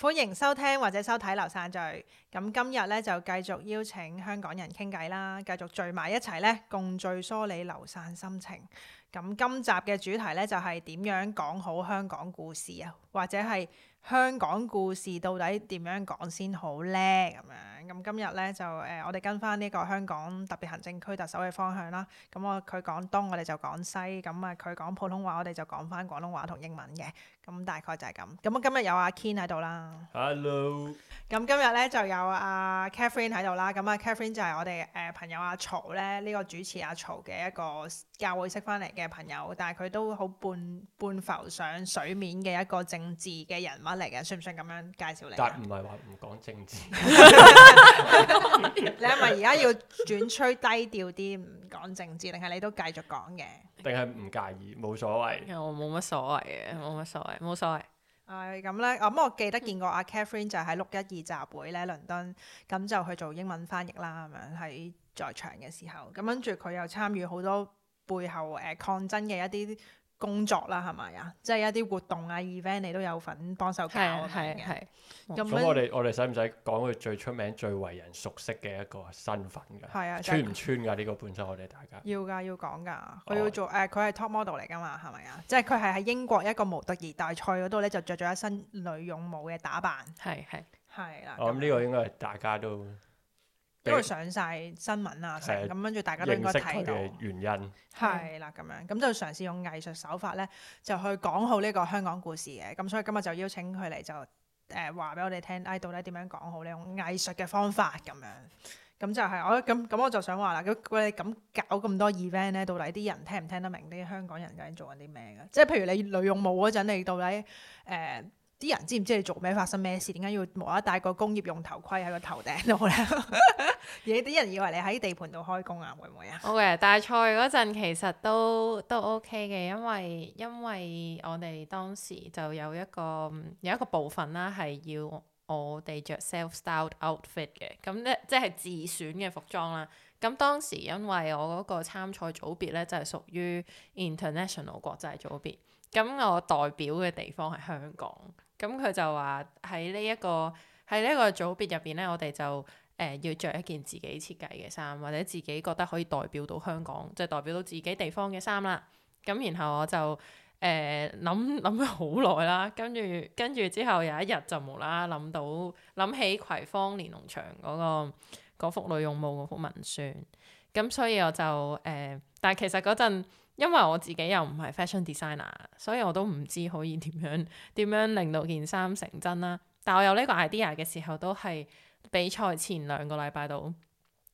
歡迎收聽，或者收睇《流散聚》，咁今日咧，就繼續邀請香港人傾偈啦，繼續聚埋一齊咧，共聚梳理流散心情。咁今集嘅主題咧，就係點樣講好香港故事啊，或者係香港故事到底點樣講先好咧？咁樣。咁、嗯、今日咧就誒、呃，我哋跟翻呢個香港特別行政區特首嘅方向啦。咁啊佢講東，我哋就講西。咁、嗯、啊，佢講普通話，我哋就講翻廣東話同英文嘅。咁、嗯、大概就係咁。咁、嗯、今日有阿 Ken 喺度啦。Hello、嗯。咁今日咧就有阿 Catherine 喺度啦。咁、嗯、啊 Catherine 就係我哋誒、呃、朋友阿曹咧，呢、這個主持阿曹嘅一個教會識翻嚟嘅朋友。但係佢都好半半浮上水面嘅一個政治嘅人物嚟嘅，算唔算咁樣介紹你？但唔係話唔講政治。 你係咪而家要轉吹低調啲唔講政治，定係你都繼續講嘅？定係唔介意，冇所謂。我冇乜所謂嘅，冇乜所謂，冇所謂。係咁咧，咁、哦嗯、我記得見過阿 Catherine 就喺六一二集會咧，倫敦咁就去做英文翻譯啦，咁樣喺在場嘅時候，咁跟住佢又參與好多背後誒、呃、抗爭嘅一啲。工作啦，係咪啊？即係一啲活動啊，event 你都有份幫手搞，係係係。咁，所以我哋我哋使唔使講佢最出名、最為人熟悉嘅一個身份㗎？係啊，穿唔穿㗎？呢個本身我哋大家要㗎，要講㗎。佢要做誒，佢係 top model 嚟㗎嘛，係咪啊？即係佢係喺英國一個模特兒大賽嗰度咧，就着咗一身女勇武嘅打扮。係係係啦。咁呢個應該係大家都。因為上晒新聞啊，咁跟住大家都應該睇到原因係啦，咁樣咁就嘗試用藝術手法咧，就去講好呢個香港故事嘅。咁所以今日就邀請佢嚟就誒話俾我哋聽，誒到底點樣講好呢？用藝術嘅方法咁樣，咁就係我咁咁我就想話啦，咁我哋咁搞咁多 event 咧，到底啲人聽唔聽得明啲香港人究竟做緊啲咩嘅？即係譬如你女勇武嗰陣，你到底誒啲人知唔知你做咩發生咩事？點解要無一戴個工業用頭盔喺個頭頂度咧？嘢，啲人以為你喺地盤度開工啊，會唔會啊？O、okay, K，大賽嗰陣其實都都 OK 嘅，因為因為我哋當時就有一個有一個部分啦，係要我哋着 self styled outfit 嘅，咁咧即係自選嘅服裝啦。咁當時因為我嗰個參賽組別咧就係、係、屬於 international 國際組別，咁我代表嘅地方係香港，咁佢就話喺呢一個喺呢一個組別入邊咧，我哋就。誒、呃、要着一件自己設計嘅衫，或者自己覺得可以代表到香港，即係代表到自己地方嘅衫啦。咁然後我就誒諗諗咗好耐啦，跟住跟住之後有一日就冇啦諗到諗起葵芳連儂牆嗰、那個嗰幅《 那個、女勇武》嗰幅文宣，咁所以我就誒、呃，但係其實嗰陣因為我自己又唔係 fashion designer，所以我都唔知可以點樣點樣令到件衫成真啦。但我有呢個 idea 嘅時候都係。比賽前兩個禮拜度，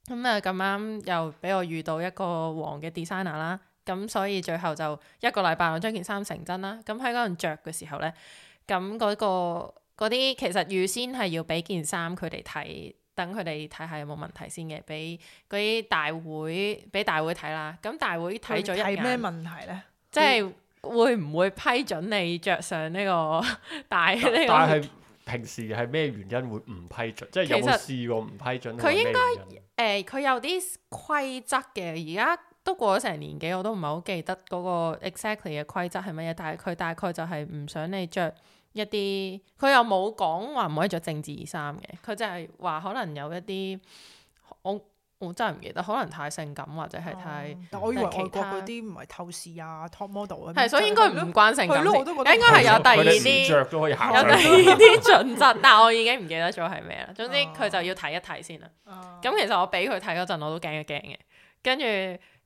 咁啊咁啱又俾我遇到一個黃嘅 designer 啦，咁所以最後就一個禮拜我將件衫成真啦，咁喺嗰度着嘅時候呢，咁、那、嗰個嗰啲其實預先係要俾件衫佢哋睇，等佢哋睇下有冇問題先嘅，俾嗰啲大會俾大會睇啦，咁大會睇咗一咩問題呢？即係會唔會批准你着上呢個大呢個？平時係咩原因會唔批准？即係有冇試過唔批准㗎？佢應該誒，佢、呃、有啲規則嘅。而家都過咗成年幾，我都唔係好記得嗰個 exactly 嘅規則係乜嘢。但係佢大概就係唔想你着一啲，佢又冇講話唔可以着政治衫嘅。佢就係話可能有一啲我。我真係唔記得，可能太性感或者係太……但我以為其他嗰啲唔係透視啊，top model 啊，係所以應該唔關性感，係咯，我都覺得應該係有第二啲，有第二啲準則，但我已經唔記得咗係咩啦。總之佢就要睇一睇先啦。咁其實我俾佢睇嗰陣，我都驚一驚嘅。跟住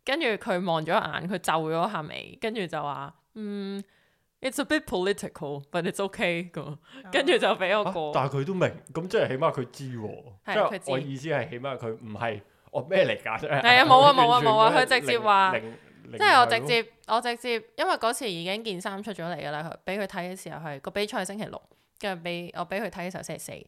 跟住佢望咗眼，佢皺咗下眉，跟住就話：嗯，it's a bit political，but it's okay 咁。跟住就俾我過。但係佢都明，咁即係起碼佢知，即係我意思係起碼佢唔係。我咩嚟噶？係、哦、啊，冇啊， 冇啊，冇啊！佢直接話，即係我直接，零我直接，因為嗰時已經件衫出咗嚟噶啦，俾佢睇嘅時候係，個比賽星期六，跟住俾我俾佢睇嘅時候星期四。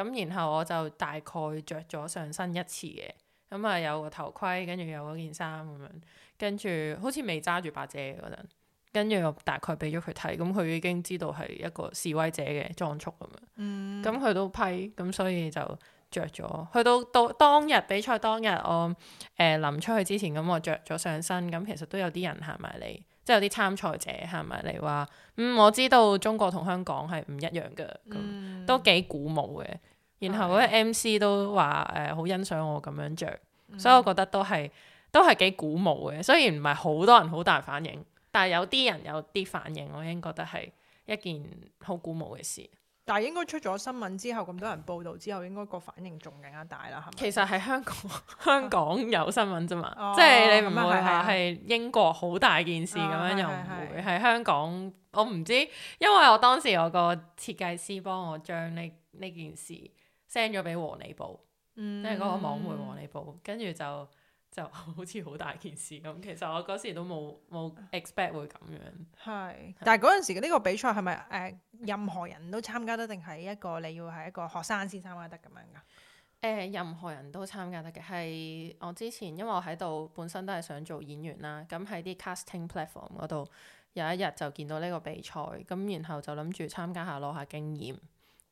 咁然後我就大概着咗上身一次嘅，咁啊有個頭盔，跟住有嗰件衫咁樣，跟住好似未揸住把遮嗰陣，跟住我大概俾咗佢睇，咁佢已經知道係一個示威者嘅裝束咁樣。嗯。咁佢都批，咁所以就。着咗，去到到當日比賽當日我，我誒臨出去之前咁，我着咗上身，咁其實都有啲人行埋嚟，即係有啲參賽者行埋嚟話，嗯，我知道中國同香港係唔一樣嘅，咁都幾鼓舞嘅。然後嗰個 MC 都話誒好欣賞我咁樣着，所以我覺得都係都係幾鼓舞嘅。雖然唔係好多人好大反應，但係有啲人有啲反應，我已經覺得係一件好鼓舞嘅事。但係應該出咗新聞之後，咁多人報道之後，應該個反應仲更加大啦，係咪？其實係香港， 香港有新聞啫嘛，哦、即係你唔會係英國好大件事咁、哦、樣又，又唔會係香港。我唔知，因為我當時我個設計師幫我將呢呢件事 send 咗俾《和你報》，即係嗰個網媒黃《和你報》，跟住就。就好似好大件事咁，其實我嗰時都冇冇 expect 會咁樣。係是，是但係嗰陣時嘅呢個比賽係咪誒任何人都參加得，定係一個你要係一個學生先參加得咁樣㗎？誒、呃、任何人都參加得嘅，係我之前因為我喺度本身都係想做演員啦，咁喺啲 casting platform 嗰度有一日就見到呢個比賽，咁然後就諗住參加下攞下經驗，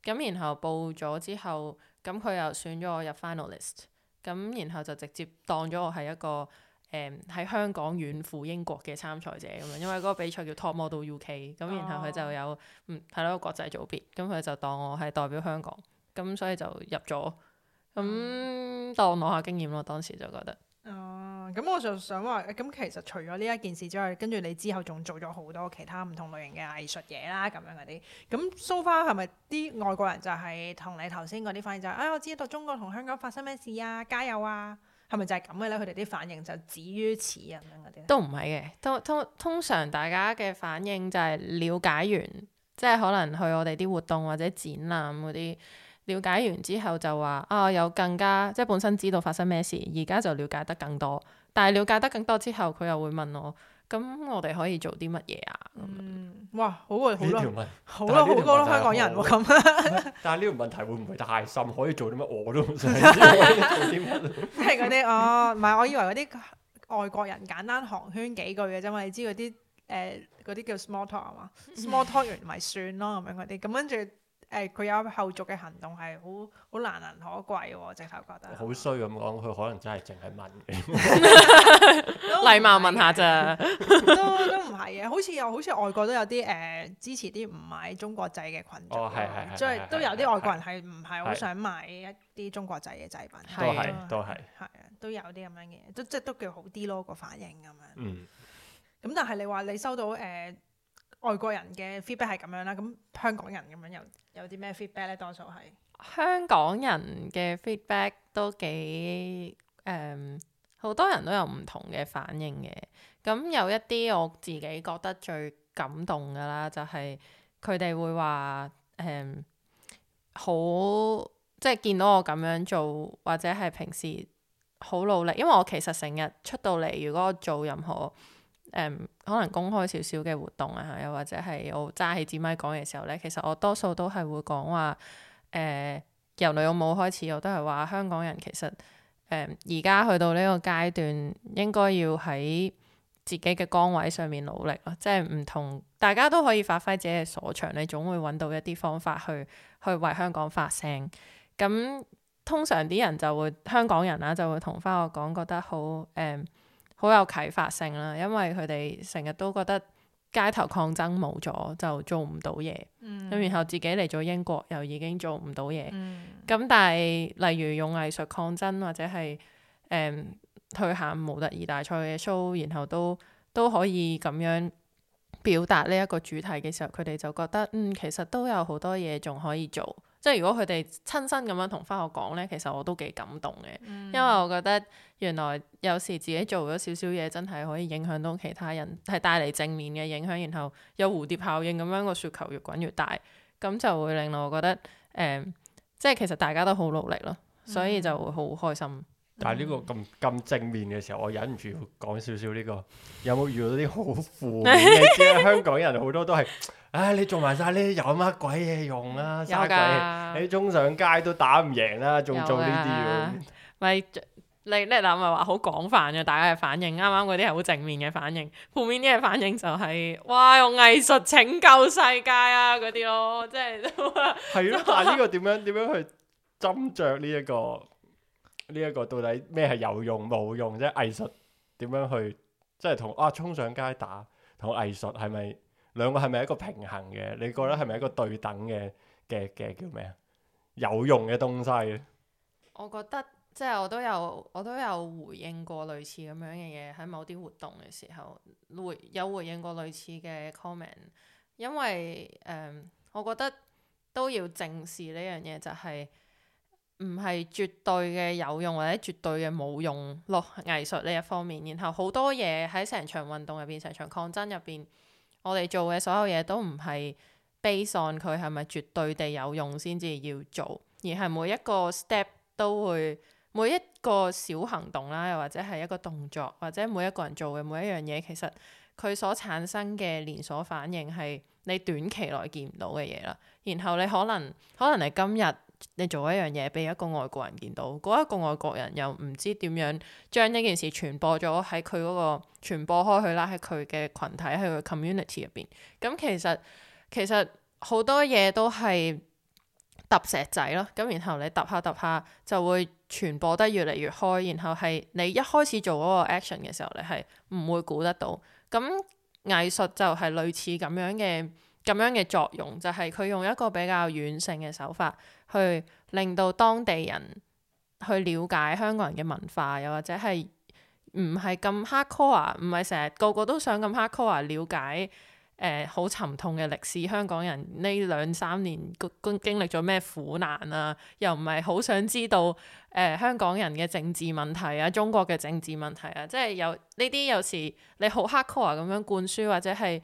咁然後報咗之後，咁佢又選咗我入 finalist。咁然後就直接當咗我係一個誒喺、嗯、香港遠赴英國嘅參賽者咁樣，因為嗰個比賽叫 Top Model UK，咁然後佢就有、oh. 嗯係咯，國際組別，咁佢就當我係代表香港，咁所以就入咗，咁、嗯嗯、當我攞下經驗咯，當時就覺得。咁我就想話，咁其實除咗呢一件事之外，跟住你之後仲做咗好多其他唔同類型嘅藝術嘢啦，咁樣嗰啲。咁 so far 係咪啲外國人就係同你頭先嗰啲反應就係、是，哎，我知道中國同香港發生咩事啊，加油啊，係咪就係咁嘅咧？佢哋啲反應就止於此啊，咁樣嗰啲都唔係嘅，通通常大家嘅反應就係了解完，即係可能去我哋啲活動或者展覽嗰啲，了解完之後就話啊，有更加即係本身知道發生咩事，而家就了解得更多。但係了解得更多之後，佢又會問我，咁我哋可以做啲乜嘢啊？嗯，哇，好啊，好咯，好咯多，好過香港人喎！咁，但係呢 個問題會唔會太深？可以做啲乜我都唔想知， 做啲乜即係嗰啲哦，唔係我以為嗰啲外國人簡單寒暄幾句嘅啫嘛，你知嗰啲誒嗰啲叫 small talk 係嘛？small talk 完咪 算咯，咁樣嗰啲，咁跟住。誒佢、呃、有後續嘅行動係好好難能可貴喎，哦，直頭覺得。好衰咁講，佢可能真係淨係問你。 是 禮貌問下咋？ 都都唔係嘅，好似又好似外國都有啲誒、呃、支持啲唔買中國製嘅羣眾，即係、哦、都有啲外國人係唔係好想買一啲中國製嘅製品？都係都係。係啊，都有啲咁樣嘅嘢，都即係都叫好啲咯個反應咁樣。嗯。咁、嗯、但係你話你收到誒？呃外國人嘅 feedback 係咁樣啦，咁香港人咁樣有有啲咩 feedback 咧？多數係香港人嘅 feedback 都幾誒，好多人都有唔同嘅反應嘅。咁有一啲我自己覺得最感動噶啦，就係佢哋會話誒好，即係見到我咁樣做，或者係平時好努力，因為我其實成日出到嚟，如果我做任何。誒、嗯，可能公開少少嘅活動啊，又或者係我揸起支咪講嘅時候咧，其實我多數都係會講話，誒、呃、由女有母開始，我都係話香港人其實，誒而家去到呢個階段，應該要喺自己嘅崗位上面努力咯，即係唔同大家都可以發揮自己嘅所長，你總會揾到一啲方法去去為香港發聲。咁通常啲人就會香港人啦，就會同翻我講，覺得好誒，呃好有啟發性啦，因為佢哋成日都覺得街頭抗爭冇咗就做唔到嘢，咁、嗯、然後自己嚟咗英國又已經做唔到嘢，咁、嗯、但係例如用藝術抗爭或者係誒去行模特兒大賽嘅 show，然後都都可以咁樣表達呢一個主題嘅時候，佢哋就覺得嗯其實都有好多嘢仲可以做。即係如果佢哋親身咁樣同翻我講咧，其實我都幾感動嘅，嗯、因為我覺得原來有時自己做咗少少嘢，真係可以影響到其他人，係帶嚟正面嘅影響，然後有蝴蝶效應咁樣個雪球越滾越大，咁就會令到我覺得誒、呃，即係其實大家都好努力咯，所以就會好開心。嗯但係呢個咁咁正面嘅時候，我忍唔住講少少呢、這個。有冇遇到啲好負面嘅？ 香港人好多都係，唉，你做埋晒呢啲有乜鬼嘢用啊？鬼有噶、啊，你衝上街都打唔贏啦，仲做呢啲啊？咪你叻男咪話好廣泛嘅，大家嘅反應啱啱嗰啲係好正面嘅反應，負面啲嘅反,反應就係、是，哇，用藝術拯救世界啊嗰啲咯，即係。係 咯， 但係呢個點樣點樣去斟酌呢、這、一個？呢一個到底咩係有用冇用啫？藝術點樣去即係同啊，衝上街打同藝術係咪兩個係咪一個平衡嘅？你覺得係咪一個對等嘅嘅嘅叫咩啊？有用嘅東西，我覺得即係，就是，我都有我都有回應過類似咁樣嘅嘢喺某啲活動嘅時候回有回應過類似嘅 comment，因為誒，呃、我覺得都要正視呢樣嘢就係、是。唔係絕對嘅有用或者絕對嘅冇用咯，藝術呢一方面，然後好多嘢喺成場運動入邊，成場抗爭入邊，我哋做嘅所有嘢都唔係 base on 佢係咪絕對地有用先至要做，而係每一個 step 都會，每一個小行動啦，又或者係一個動作，或者每一個人做嘅每一樣嘢，其實佢所產生嘅連鎖反應係你短期內見唔到嘅嘢啦。然後你可能可能你今日。你做一樣嘢俾一個外國人見到，嗰、那、一個外國人又唔知點樣將呢件事傳播咗喺佢嗰個傳播開去啦，喺佢嘅群體喺佢 community 入邊。咁、嗯、其實其實好多嘢都係揼石仔咯，咁然後你揼下揼下就會傳播得越嚟越開，然後係你一開始做嗰個 action 嘅時候，你係唔會估得到。咁、嗯、藝術就係類似咁樣嘅。咁樣嘅作用就係、是、佢用一個比較軟性嘅手法，去令到當地人去了解香港人嘅文化，又或者係唔係咁 hard core 唔係成日個個都想咁 hard core 了解誒好、呃、沉痛嘅歷史，香港人呢兩三年、呃、經經歷咗咩苦難啊？又唔係好想知道誒、呃、香港人嘅政治問題啊，中國嘅政治問題啊，即係有呢啲有時你好 hard core 咁樣灌輸或者係。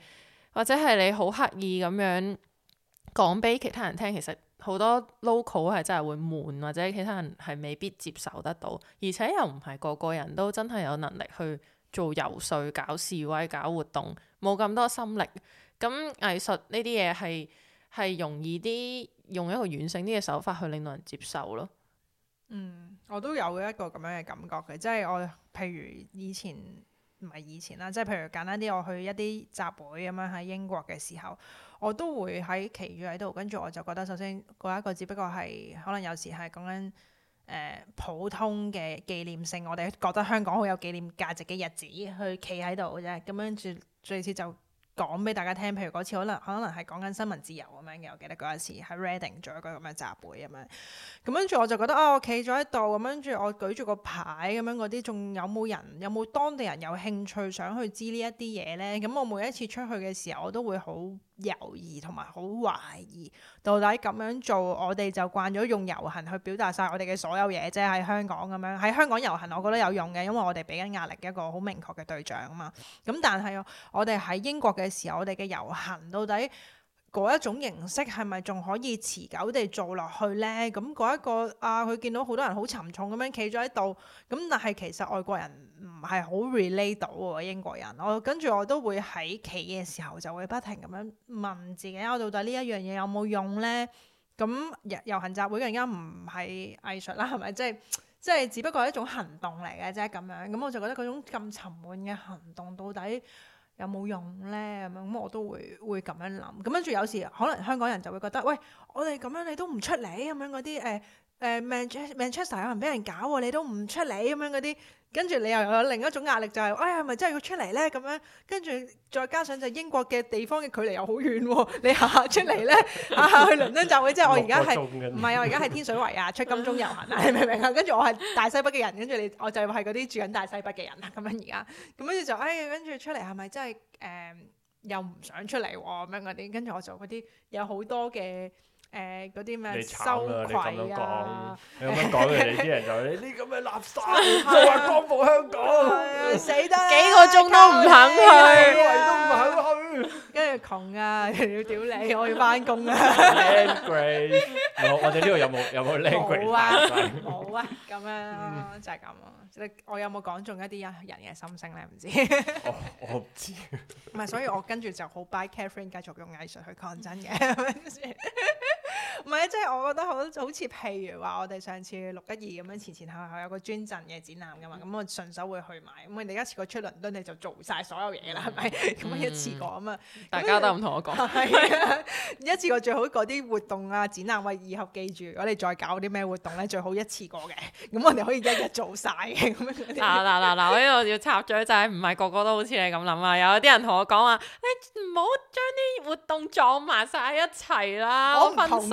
或者係你好刻意咁樣講俾其他人聽，其實好多 local 係真係會悶，或者其他人係未必接受得到，而且又唔係個個人都真係有能力去做遊說、搞示威、搞活動，冇咁多心力。咁藝術呢啲嘢係係容易啲，用一個軟性啲嘅手法去令到人接受咯。嗯，我都有一個咁樣嘅感覺嘅，即係我譬如以前。唔係以前啦，即係譬如簡單啲，我去一啲集會咁樣喺英國嘅時候，我都會喺企住喺度，跟住我就覺得首先嗰一個只不過係可能有時係講緊誒普通嘅紀念性，我哋覺得香港好有紀念價值嘅日子去企喺度啫，咁樣住最最少就。講俾大家聽，譬如嗰次可能可能係講緊新聞自由咁樣嘅，我記得嗰一次喺 Reading 做一個咁樣集會咁樣，咁跟住我就覺得哦，我企咗喺度，咁跟住我舉住個牌咁樣嗰啲，仲有冇人有冇當地人有興趣想去知呢一啲嘢咧？咁我每一次出去嘅時候，我都會好。猶豫同埋好懷疑，到底咁樣做，我哋就慣咗用遊行去表達晒我哋嘅所有嘢啫。即係喺香港咁樣，喺香港遊行，我覺得有用嘅，因為我哋俾緊壓力嘅一個好明確嘅對象啊嘛。咁但係我哋喺英國嘅時候，我哋嘅遊行到底？嗰一種形式係咪仲可以持久地做落去呢？咁嗰一個啊，佢見到好多人好沉重咁樣企咗喺度，咁但係其實外國人唔係好 relate 到喎，英國人。我跟住我都會喺企嘅時候就會不停咁樣問自己：我到底呢一樣嘢有冇用呢？」咁遊行集會更加唔係藝術啦，係咪？即係即係只不過係一種行動嚟嘅啫。咁樣咁我就覺得嗰種咁沉悶嘅行動到底？有冇用咧？咁樣咁我都會會咁樣諗。咁跟住有時可能香港人就會覺得，喂，我哋咁樣你都唔出嚟咁樣嗰啲誒誒，Manchester 有人俾人搞喎，你都唔出嚟咁樣嗰啲。跟住你又有另一種壓力，就係、是，哎呀，咪真係要出嚟咧咁樣。跟住再加上就英國嘅地方嘅距離又好遠，你下下出嚟呢 下出嚟咧，去倫敦集會。即係我而家係，唔係 鐘我而家係天水圍啊，出金鐘遊行，啊， 你明唔明啊？跟住我係大西北嘅人，跟住你，我就係嗰啲住緊大西北嘅人，咁樣而家，咁跟住就，哎，跟住出嚟係咪真係，誒、呃，又唔想出嚟喎咁樣嗰啲，跟住我就嗰啲有好多嘅。誒，嗰啲咩羞愧啊？你咁樣講，你啲人就呢啲咁嘅垃圾，又話光復香港，死得幾個鐘都唔肯去，跟住窮啊，要屌你，我要翻工啊，好，我哋呢度有冇有冇？好啊，好啊，咁樣就係咁咯。我有冇講中一啲人嘅心聲咧？唔知，我唔知。唔係，所以我跟住就好 by Catherine 繼續用藝術去抗爭嘅。唔係啊，即係我覺得好好似譬如話我哋上次六一二咁樣前前後後有個專陣嘅展覽噶嘛，咁我順手會去買。咁我哋一次過出倫敦，你就做晒所有嘢啦，係咪？咁一次過啊嘛，大家都唔同我講。係啊，一次過最好嗰啲活動啊展覽，喂以後記住，如果你再搞啲咩活動咧，最好一次過嘅。咁 我哋可以一日做晒嘅。嗱嗱嗱嗱，我呢度要插嘴就係唔係個個都好似你咁諗啊？有啲人同我講話， 你唔好將啲活動撞埋晒一齊啦。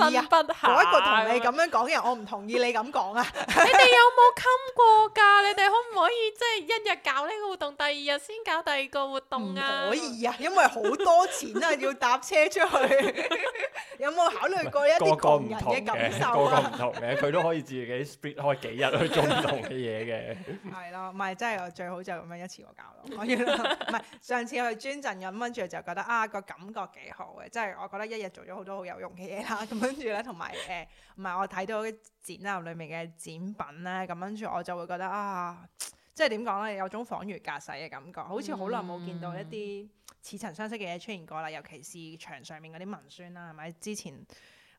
真不下。一、啊嗰個同你咁樣講嘅人，我唔同意你咁講啊！ 你哋有冇冚過㗎？你哋可唔可以即係、即係、一日搞呢個活動，第二日先搞第二個活動啊？可以啊，因為好多錢啊， 要搭車出去。 有冇考慮過一啲個人嘅感受、啊？個個唔同嘅，佢都可以自己 split 開幾日去做唔同嘅嘢嘅。係咯，唔係真係我最好就咁樣一次過搞咯。我要唔係上次去專鎮飲温住，就覺得啊個感覺幾好嘅，即係我覺得一日做咗好多好有用嘅嘢啦咁樣。 跟住咧，同埋誒，同、呃、埋我睇到啲展覽裏面嘅展品咧，咁跟住我就會覺得啊，即係點講咧，有種恍如隔世嘅感覺，好似好耐冇見到一啲似曾相識嘅嘢出現過啦。尤其是牆上面嗰啲文宣啦，係咪？之前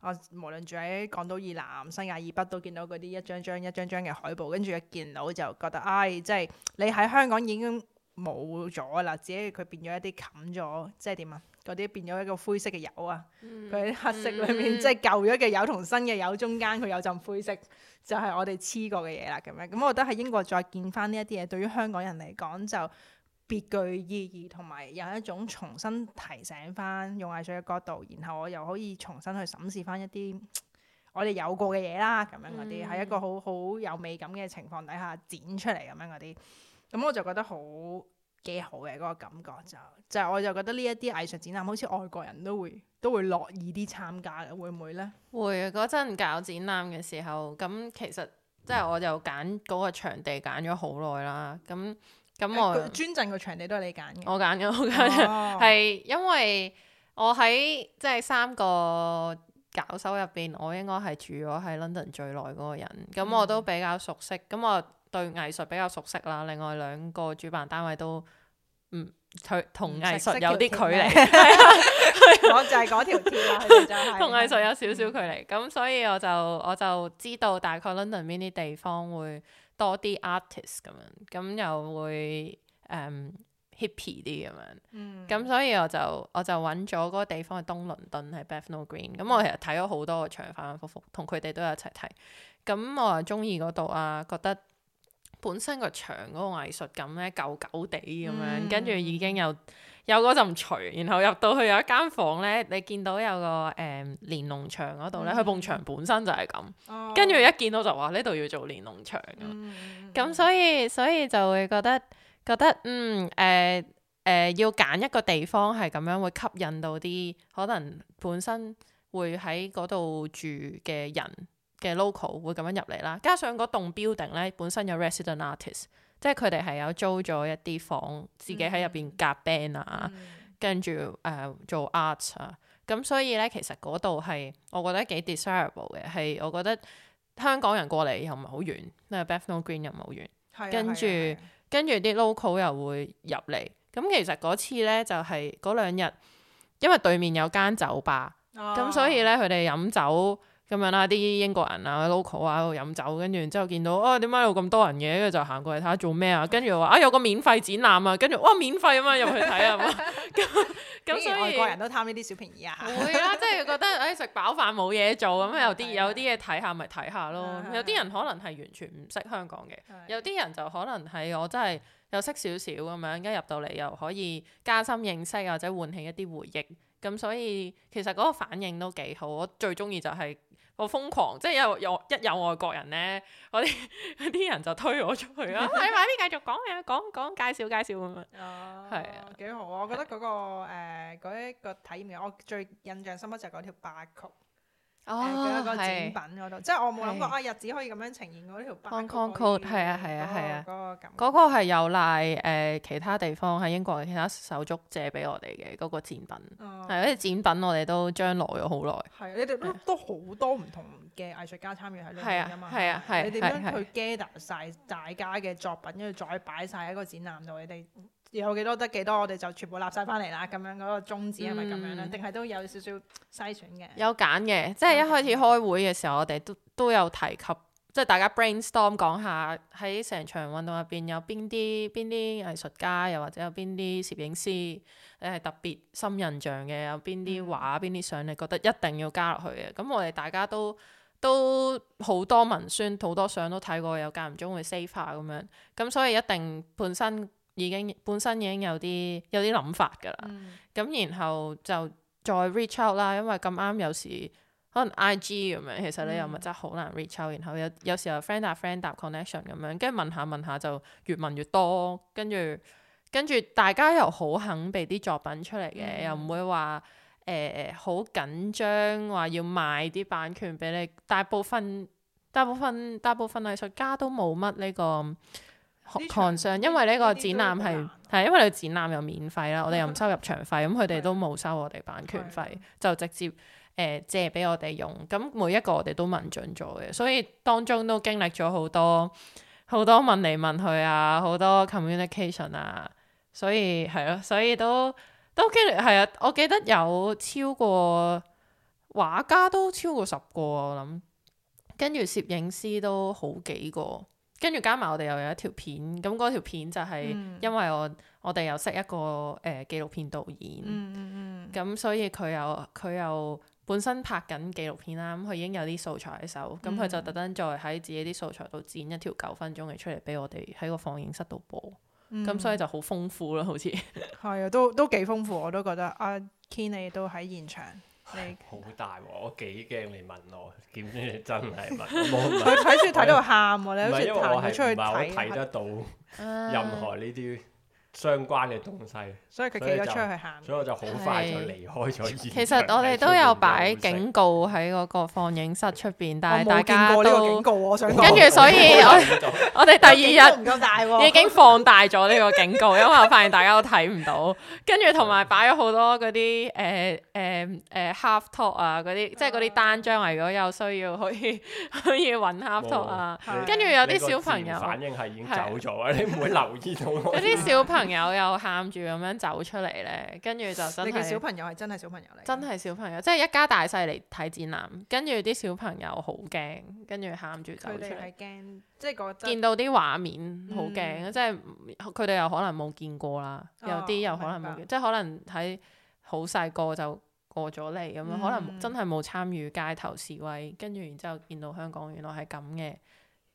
我無論住喺港島以南、新界以北，都見到嗰啲一張張、一張張嘅海報，跟住一見到就覺得，唉、哎，即係你喺香港已經冇咗啦，只係佢變咗一啲冚咗，即係點啊？嗰啲變咗一個灰色嘅油啊，佢喺、嗯、黑色裏面，嗯、即係舊咗嘅油同新嘅油中間，佢有陣灰色，就係、是、我哋黐過嘅嘢啦。咁樣，咁我覺得喺英國再見翻呢一啲嘢，對於香港人嚟講就別具意義，同埋有一種重新提醒翻用藝術嘅角度，然後我又可以重新去審視翻一啲我哋有過嘅嘢啦。咁樣嗰啲係一個好好有美感嘅情況底下剪出嚟咁樣嗰啲，咁我就覺得好。幾好嘅嗰，那個感覺就就是，我就覺得呢一啲藝術展覽好似外國人都會都會樂意啲參加嘅，會唔會呢？會，嗰陣搞展覽嘅時候，咁其實即係，就是，我就揀嗰個場地揀咗好耐啦。咁咁我、啊、專鎮個場地都係你揀嘅，我揀咗。我揀嘅係因為我喺即係三個搞手入邊，我應該係住咗喺 London 最耐嗰個人，咁我都比較熟悉，咁、嗯、我。對藝術比較熟悉啦，另外兩個主辦單位都，嗯，佢同藝術有啲距離，係啊，我就係嗰條線啊， 就係同藝術有少少，少距離，咁、嗯、所以我就我就知道大概 London 邊啲地方會多啲 artist 咁樣，咁又會誒、嗯、hippie 啲咁樣，咁、嗯、所以我就我就揾咗嗰個地方係東倫敦係 Bethnal Green，咁、嗯、我其實睇咗好多個場，反反覆覆同佢哋都一齊睇，咁我又中意嗰度啊，覺得。本身個牆嗰個藝術感咧舊舊地咁樣，嗯、跟住已經有有嗰陣除，然後入到去有一間房咧，你見到有個誒、呃、連儂牆嗰度咧，佢埲牆本身就係咁，哦、跟住一見到就話呢度要做連儂牆啊！咁、嗯嗯、所以所以就會覺得覺得嗯誒誒、呃呃呃、要揀一個地方係咁樣會吸引到啲可能本身會喺嗰度住嘅人。嘅 local 會咁樣入嚟啦，加上嗰棟 building 咧本身有 resident artist，即係佢哋係有租咗一啲房，自己喺入邊夾 band 啊，嗯嗯、跟住誒、呃、做 art 啊，咁所以咧其實嗰度係我覺得幾 desirable 嘅，係我覺得香港人過嚟又唔係好遠，因為 Bethnal Green 又唔係好遠，跟住跟住啲 local 又會入嚟，咁其實嗰次咧就係嗰兩日，因為對面有間酒吧，咁、哦、所以咧佢哋飲酒。咁樣啦、啊，啲英國人啊、local 啊，喺度飲酒，跟住然之後見到，哦、啊，點解有咁多人嘅？跟住就行過嚟睇下做咩啊？跟住話啊，有個免費展覽啊，跟住哇，免費啊嘛，入去睇啊嘛。咁所以外國人都貪呢啲小便宜啊。會啦、啊， 即係覺得誒食、欸、飽飯冇嘢做咁，有啲 有啲嘢睇下咪睇下咯。的有啲人可能係完全唔識香港嘅，的有啲人就可能係我真係又識少少咁樣，一入到嚟又可以加深認識或者喚起一啲回憶。咁所以其實嗰個反應都幾好。我最中意就係、是。好瘋狂，即係有有一有外國人咧，我啲啲 人就推我出去啦。喺埋邊繼續講嘢，講講介紹介紹咁樣。哦，係啊，幾好啊！我覺得嗰、嗰個誒嗰一個體驗，我最印象深刻就係嗰條八曲。哦，喺個展品嗰度，即係我冇諗過啊！日子可以咁樣呈現嗰條 band，係啊係啊係啊嗰個感，嗰個係有賴其他地方喺英國嘅其他手足借俾我哋嘅嗰個展品，係嗰啲展品我哋都將來咗好耐。係啊，你哋都都好多唔同嘅藝術家參與喺裏面噶嘛？係啊係啊，你哋將佢 gather 曬大家嘅作品，跟住再擺晒一個展覽度，你哋。有幾多得幾多，我哋就全部立晒翻嚟啦。咁樣嗰、嗰個宗旨係咪咁樣咧？定係、嗯、都有少少篩選嘅。有揀嘅，即係一開始開會嘅時候，我哋都都有提及，嗯、即係大家 brainstorm 講下喺成場運動入邊有邊啲邊啲藝術家，又或者有邊啲攝影師，你係特別深印象嘅有邊啲畫、邊啲相，你覺得一定要加落去嘅。咁、嗯、我哋大家都都好多文宣、好多相都睇過，有間唔中會 save 下咁樣。咁所以一定本身，已經本身已經有啲有啲諗法㗎啦，咁、嗯、然後就再 reach out 啦，因為咁啱有時可能 IG 咁樣，其實你又咪真係好難 reach out，然後有有時候有 friend 搭 friend 搭 connection 咁樣，跟住問下問下就越問越多，跟住跟住大家又好肯俾啲作品出嚟嘅，嗯、又唔會話誒、好緊張話要賣啲版權俾你，大部分大部分大部分藝術家都冇乜呢個。c o 因為呢個展覽係係因為佢展覽又免費啦， 我哋又唔收入場費，咁佢哋都冇收我哋版權費，的就直接誒、呃、借俾我哋用。咁每一個我哋都問準咗嘅，所以當中都經歷咗好多好多問嚟問去啊，好多 communication 啊，所以係咯，所以都都經歷係啊，我記得有超過畫家都超過十個我諗，跟住攝影師都好幾個。跟住加埋，我哋又有一條片咁。嗰、那、條、個、片就係因為我、嗯、我哋又識一個誒、呃、紀錄片導演，咁、嗯嗯、所以佢又佢又本身拍緊紀錄片啦。咁佢已經有啲素材喺手，咁佢、嗯、就特登再喺自己啲素材度剪一條九分鐘嘅出嚟俾我哋喺個放映室度播。咁、嗯、所以就好豐富啦，好似係啊，都都幾豐富，我都覺得阿、啊、Kenny 都喺現場。好大喎！我幾驚你問我，點知真係問， 問？佢睇住睇到喊喎， 你都知我唔係好睇得到任何呢啲。嗯相關嘅東西，所以佢企咗出去喊，所以我就好快就離開咗。其實我哋都有擺警告喺嗰個放映室出邊，但係大家都警告我想跟住，所以我我哋第二日已經放大咗呢個警告，因為我發現大家都睇唔到。跟住同埋擺咗好多嗰啲誒誒誒 Half Talk 啊，嗰啲即係嗰啲單張啊，如果有需要可以可以揾 Half Talk 啊。跟住有啲小朋友反應係已經走咗，你唔會留意到。有啲小朋朋友又喊住咁樣走出嚟咧，跟住就真係小朋友係真係小朋友嚟，真係小朋友，即係一家大細嚟睇展覽，跟住啲小朋友好驚，跟住喊住走出嚟，驚，即係見到啲畫面好驚，嗯、即係佢哋又可能冇見過啦，哦、有啲又可能冇，明白，即係可能喺好細個就過咗嚟咁樣，可能真係冇參與街頭示威，嗯、跟住然之後見到香港原來係咁嘅，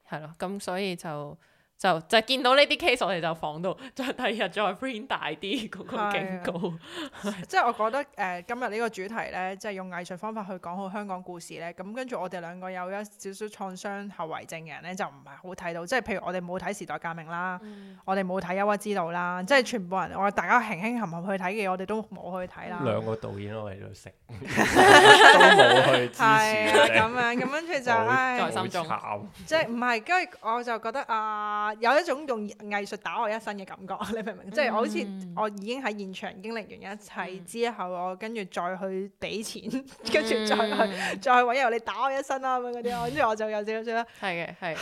係咯，咁所以就。就就見到呢啲 case，我哋就放到，再第二日再 print 大啲嗰個警告。即係我覺得誒、呃、今日呢個主題咧，即係用藝術方法去講好香港故事咧。咁、嗯、跟住我哋兩個有一少少創傷後遺症嘅人咧，就唔係好睇到。即係譬如我哋冇睇時代革命啦，嗯、我哋冇睇憂鬱之島啦。即係全部人，我大家興興合合去睇嘅，我哋都冇去睇啦。兩個導演我哋都識， 都冇去支持。係咁樣咁樣佢就唉、是，好慘。 即係唔係？跟住我就覺得啊～、呃有一種用藝術打我一身嘅感覺，你明唔明？即係我好似我已經喺現場經歷完一切之後，我跟住再去俾錢，跟住再去再揾由你打我一身啦咁樣嗰啲，跟住我就有少少啦。係嘅，係。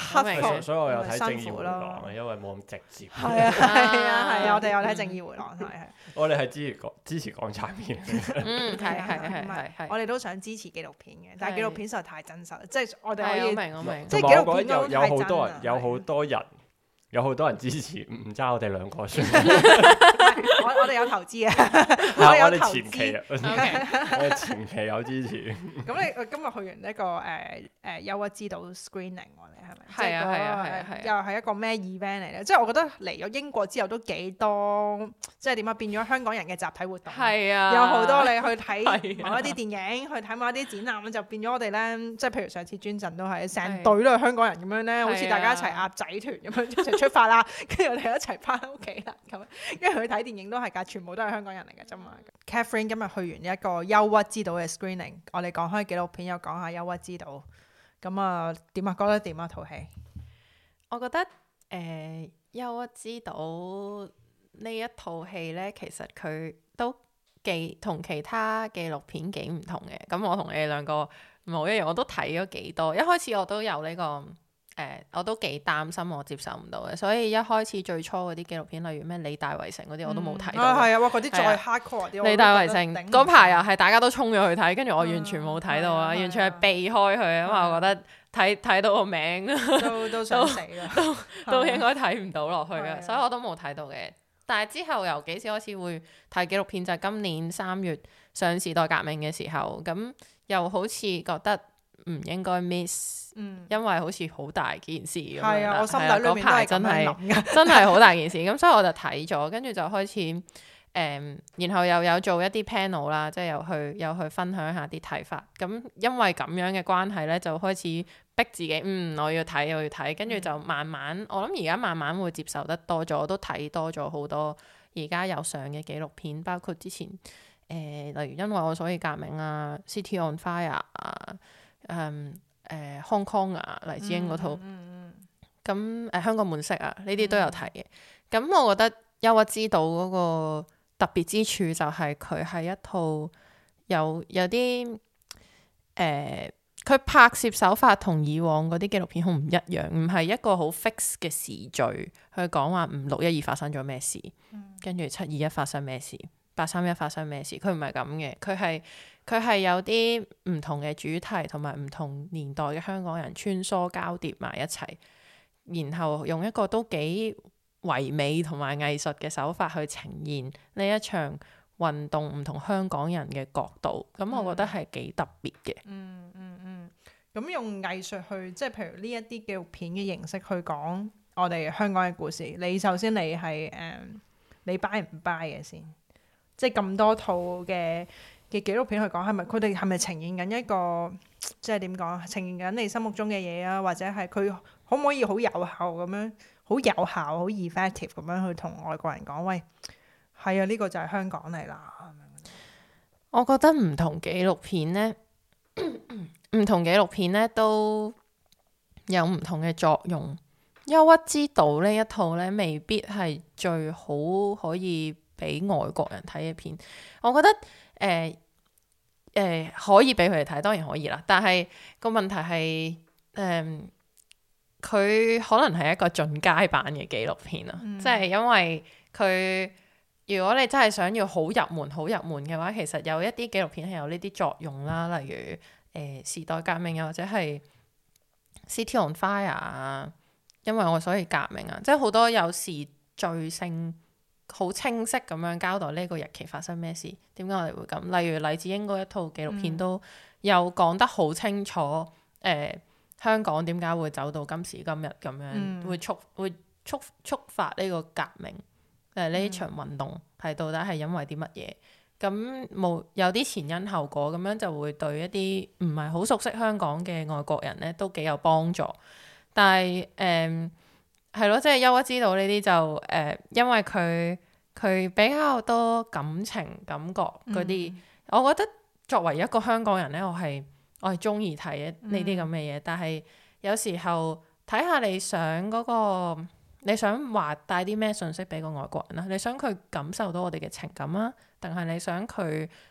所以，我有睇正義回廊，因為冇咁直接。係啊，係啊，係啊！我哋有睇正義回廊，係我哋係支持支持港產片，嗯係係我哋都想支持紀錄片嘅，但係紀錄片實在太真實，即係我哋我明明。即係紀錄片有好多人，有好多人。有好多人支持，唔唔揸我哋兩個算。我我哋有投資啊，係啊哈哈， 我哋前期啊，前期有支持。咁 Okay 你今日去完一個誒誒憂鬱之島 screening 我哋係咪？係啊，係啊，係又係一個咩 event 嚟咧？即係我覺得嚟咗英國之後都幾多，即係點啊？變咗香港人嘅集體活動，係啊， 有好多你去睇某一啲電影， 去睇某一啲展覽，就變咗我哋咧，即係譬如上次專鎮都係成隊都係香港人咁樣咧， 好似大家一齊鴨仔團咁樣出發啦，跟住 我哋一齊翻屋企啦。咁，跟住佢睇電影都係噶，全部都係香港人嚟噶啫嘛。Catherine 今日去完一個《憂鬱之島》嘅 screening，我哋講開紀錄片又講下《憂鬱之島》。咁啊，點啊覺得點啊套戲？我覺得誒，呃《憂鬱之島》呢一套戲咧，其實佢都幾同其他紀錄片幾唔同嘅。咁我同你哋兩個唔好一樣，我都睇咗幾多。一開始我都有呢個。誒，我都幾擔心，我接受唔到嘅，所以一開始最初嗰啲紀錄片，例如咩《理大圍城》嗰啲，我都冇睇到。係啊，哇！嗰啲再 hardcore 啲。理大圍城嗰排又係大家都衝咗去睇，跟住我完全冇睇到啊，完全係避開佢啊，因為我覺得睇睇到個名都都想死啦，都都應該睇唔到落去啊，所以我都冇睇到嘅。但係之後由幾時開始會睇紀錄片，就係今年三月上《時代革命》嘅時候，咁又好似覺得。唔應該 miss，因為好似好大件事咁樣啦。係啊，我心諗嗰排真係真係好大件事，咁所以我就睇咗，跟住就開始誒、嗯，然後又有做一啲 panel 啦，即係又去又去分享一下啲睇法。咁、嗯、因為咁樣嘅關係咧，就開始逼自己，嗯，我要睇，我要睇，跟住就慢慢，嗯、我諗而家慢慢會接受得多咗，都睇多咗好多。而家有上嘅紀錄片，包括之前誒、呃，例如因為我所以革命啊，《City on Fire》啊。嗯，誒，Hong Kong 啊，黎智英嗰套，咁誒、嗯嗯嗯、香港滿色啊，呢啲都有睇嘅。咁、嗯嗯、我覺得《憂鬱之島》嗰個特別之處就係佢係一套有有啲誒，佢、呃、拍攝手法同以往嗰啲紀錄片好唔一樣，唔係一個好 fix 嘅時序去講話五六一二發生咗咩事，跟住七二一發生咩事。八三一發生咩事？佢唔係咁嘅，佢係佢係有啲唔同嘅主題，同埋唔同年代嘅香港人穿梭交疊埋一齊，然後用一個都幾唯美同埋藝術嘅手法去呈現呢一場運動唔同香港人嘅角度。咁、嗯、我覺得係幾特別嘅、嗯。嗯嗯嗯，咁用藝術去即係譬如呢一啲紀錄片嘅形式去講我哋香港嘅故事。你首先你係誒、um, 你 buy 唔 buy 嘅先？即係咁多套嘅嘅紀錄片去講，係咪佢哋係咪呈現緊一個即係點講？呈現緊你心目中嘅嘢啊，或者係佢可唔可以好有效咁樣，好有效、好 effective 咁樣去同外國人講：喂，係啊，呢、這個就係香港嚟啦。我覺得唔同紀錄片咧，唔 同紀錄片咧都有唔同嘅作用。憂鬱之島呢一套咧，未必係最好可以。俾外國人睇嘅片，我覺得誒誒、呃呃、可以俾佢哋睇，當然可以啦。但係個問題係誒，佢、呃、可能係一個進階版嘅紀錄片啊。嗯、即係因為佢，如果你真係想要好入門、好入門嘅話，其實有一啲紀錄片係有呢啲作用啦。例如誒、呃、時代革命啊，或者係 City on Fire 啊，因為我所以革命啊，即係好多有時序性。好清晰咁樣交代呢個日期發生咩事，點解我哋會咁？例如黎智英嗰一套紀錄片都有講得好清楚，誒、嗯呃，香港點解會走到今時今日咁樣，嗯、會觸會觸觸發呢個革命誒，呢一場運動係到底係因為啲乜嘢？咁冇、嗯、有啲前因後果咁樣就會對一啲唔係好熟悉香港嘅外國人咧都幾有幫助。但係誒。呃係咯，即係憂鬱之島呢啲就誒、呃，因為佢佢比較多感情感覺嗰啲，嗯、我覺得作為一個香港人咧，我係我係中意睇呢啲咁嘅嘢。但係有時候睇下你想嗰、嗰個，你想話帶啲咩信息俾個外國人啊？你想佢感受到我哋嘅情感啊，定係你想佢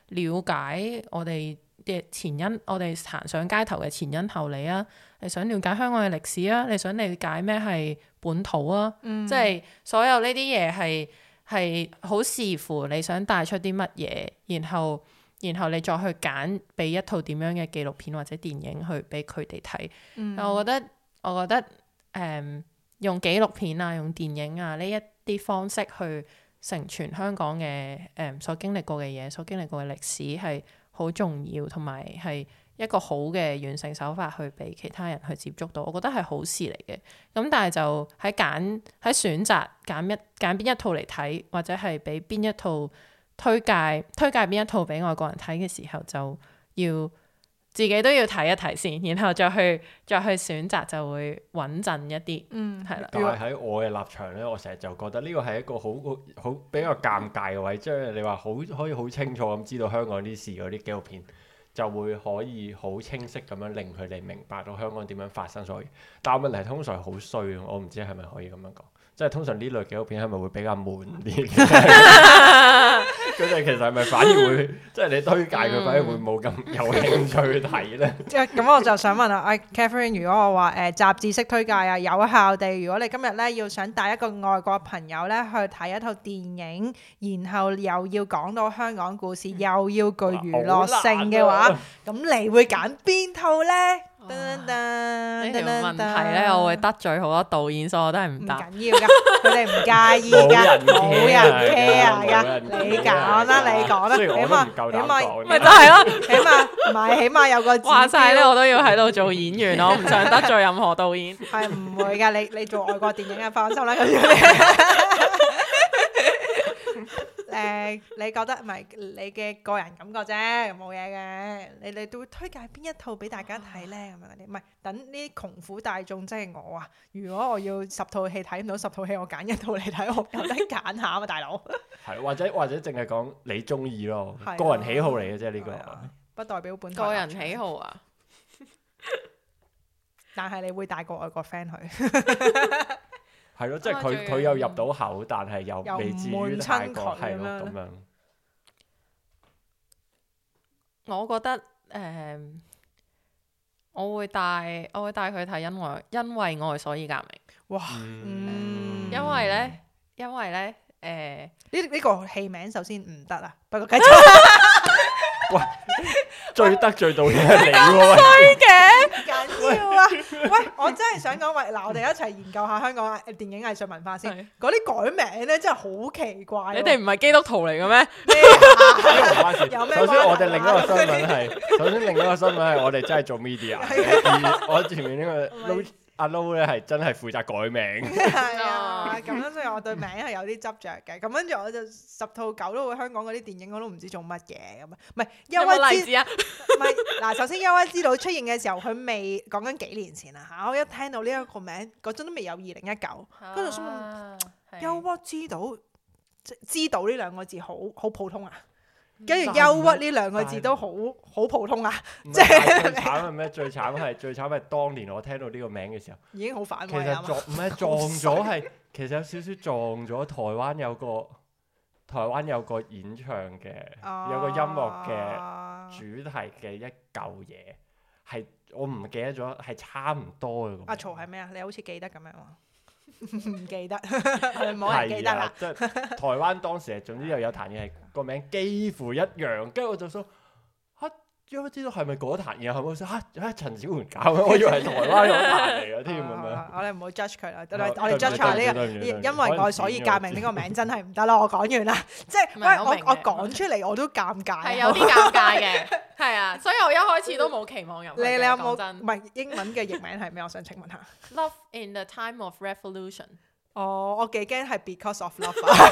了解我哋嘅前因，我哋行上街頭嘅前因後理啊？你想了解香港嘅歷史啊？你想理解咩係本土啊？即係、嗯、所有呢啲嘢係係好視乎你想帶出啲乜嘢，然後然後你再去揀俾一套點樣嘅紀錄片或者電影去俾佢哋睇。但、嗯、我覺得我覺得誒、嗯、用紀錄片啊，用電影啊呢一啲方式去成全香港嘅誒所經歷過嘅嘢，所經歷過嘅歷、歷史係好重要，同埋係。一個好嘅完成手法去俾其他人去接觸到，我覺得係好事嚟嘅。咁，嗯，但係就喺揀喺選擇揀一揀邊一套嚟睇，或者係俾邊一套推介推介邊一套俾外國人睇嘅時候，就要自己都要睇一睇先，然後再去再去選擇就會穩陣一啲。嗯，係啦。但係喺我嘅立場咧，我成日就覺得呢個係一個好好比較尷尬嘅位，即係你話好可以好清楚咁知道香港啲事嗰啲紀錄片。就會可以好清晰咁樣令佢哋明白到香港點樣發生，所以，但問題係通常好衰，我唔知係咪可以咁樣講，即係通常呢類紀錄片係咪會比較悶啲？ 佢哋 其實係咪反而會， 即係你推介佢反而會冇咁有興趣睇咧？即係咁，我就想問啊，哎 ，Catherine，如果我話誒、欸、雜誌式推介啊，有效地，如果你今日咧要想帶一個外國朋友咧去睇一套電影，然後又要講到香港故事， 又要具娛樂性嘅話，咁你會揀邊套咧？呢條問題咧，我會得罪好多導演，所以我都係唔得。唔緊要噶，佢哋唔介意噶，冇 人 care 噶。你講啦， 你講啦，起碼，起碼咪就係咯，起碼唔係，起碼有個。話晒咧，我都要喺度做演員咯，我唔想得罪任何導演。係唔會噶，你你做外國電影嘅放心啦。 誒、呃，你覺得唔係你嘅個人感覺啫，冇嘢嘅。你哋都會推介邊一套俾大家睇咧？咁樣嗰啲唔係等呢啲窮苦大眾，即係我啊。如果我要十套戲睇唔到十套戲，我揀一套嚟睇，我有得揀下啊嘛，大佬。 係或者或者淨係講你中意咯，是啊、個人喜好嚟嘅啫呢個，不代表本個人喜好啊。 但係你會帶個外國 friend 去。 係咯，啊、即係佢佢又入到口，但係又未至於太過，係咯咁樣。我覺得誒、呃，我會帶我會帶佢睇，因為因為愛所以革命。哇、嗯，因為呢，因為咧因為咧誒呢呢、呃，這個戲名首先唔得喇，不過繼續。 喂，最得罪到嘅係你，衰嘅。喂，緊要啊？喂，我真係想講，喂，嗱，我哋一齊研究下香港電影藝術文化先。嗰啲的改名咧真係好奇怪。你哋唔係基督徒嚟嘅咩？有咩、啊？ 首先我哋另一個新聞係， 首先另一個新聞係的，我哋真係做 media。而我前面呢個。阿 Low 咧係真係負責改名，係啊，咁樣所以我對名係有啲執着嘅。咁跟住我就十套九都會香港嗰啲電影，我都唔知做乜嘢咁。唔係憂鬱之島例子啊，唔係嗱，首先憂鬱之島出現嘅時候，佢未講緊幾年前啦吓。我一聽到呢一個名，嗰陣都未有二零一九，跟住想問憂鬱之島知道呢兩個字好好普通啊。跟住憂鬱呢兩個字都好好但普通啊！即係是、就是、最慘係咩？最慘係最慘係當年我聽到呢個名嘅時候，已經好反胃。其實撞咩撞咗係， 其實有少少撞咗台灣有個 台灣有個演唱嘅，有個音樂嘅主題嘅一嚿嘢，係我唔記得咗，係差唔多嘅。阿、啊、曹係咩啊？你好似記得咁樣。唔 記得了，唔 冇人記得啦。的 即係台灣當時係，總之又有彈嘢係個名幾乎一樣，跟住我就想。我唔知道係咪嗰壇嘢，係咪嚇嚇陳小媛搞嘅？我以為台灣嗰壇嚟嘅添。咁我哋唔好 judge 佢啦，我哋 judge 下呢個。因為我所以革命呢個名真係唔得啦。我講完啦，即係我我講出嚟我都尷尬，係有啲尷尬嘅，係啊。所以我一開始都冇期望入。你你有冇唔係英文嘅譯名係咩？我想請問下。Love in the time of revolution。哦，我幾驚係 because of love。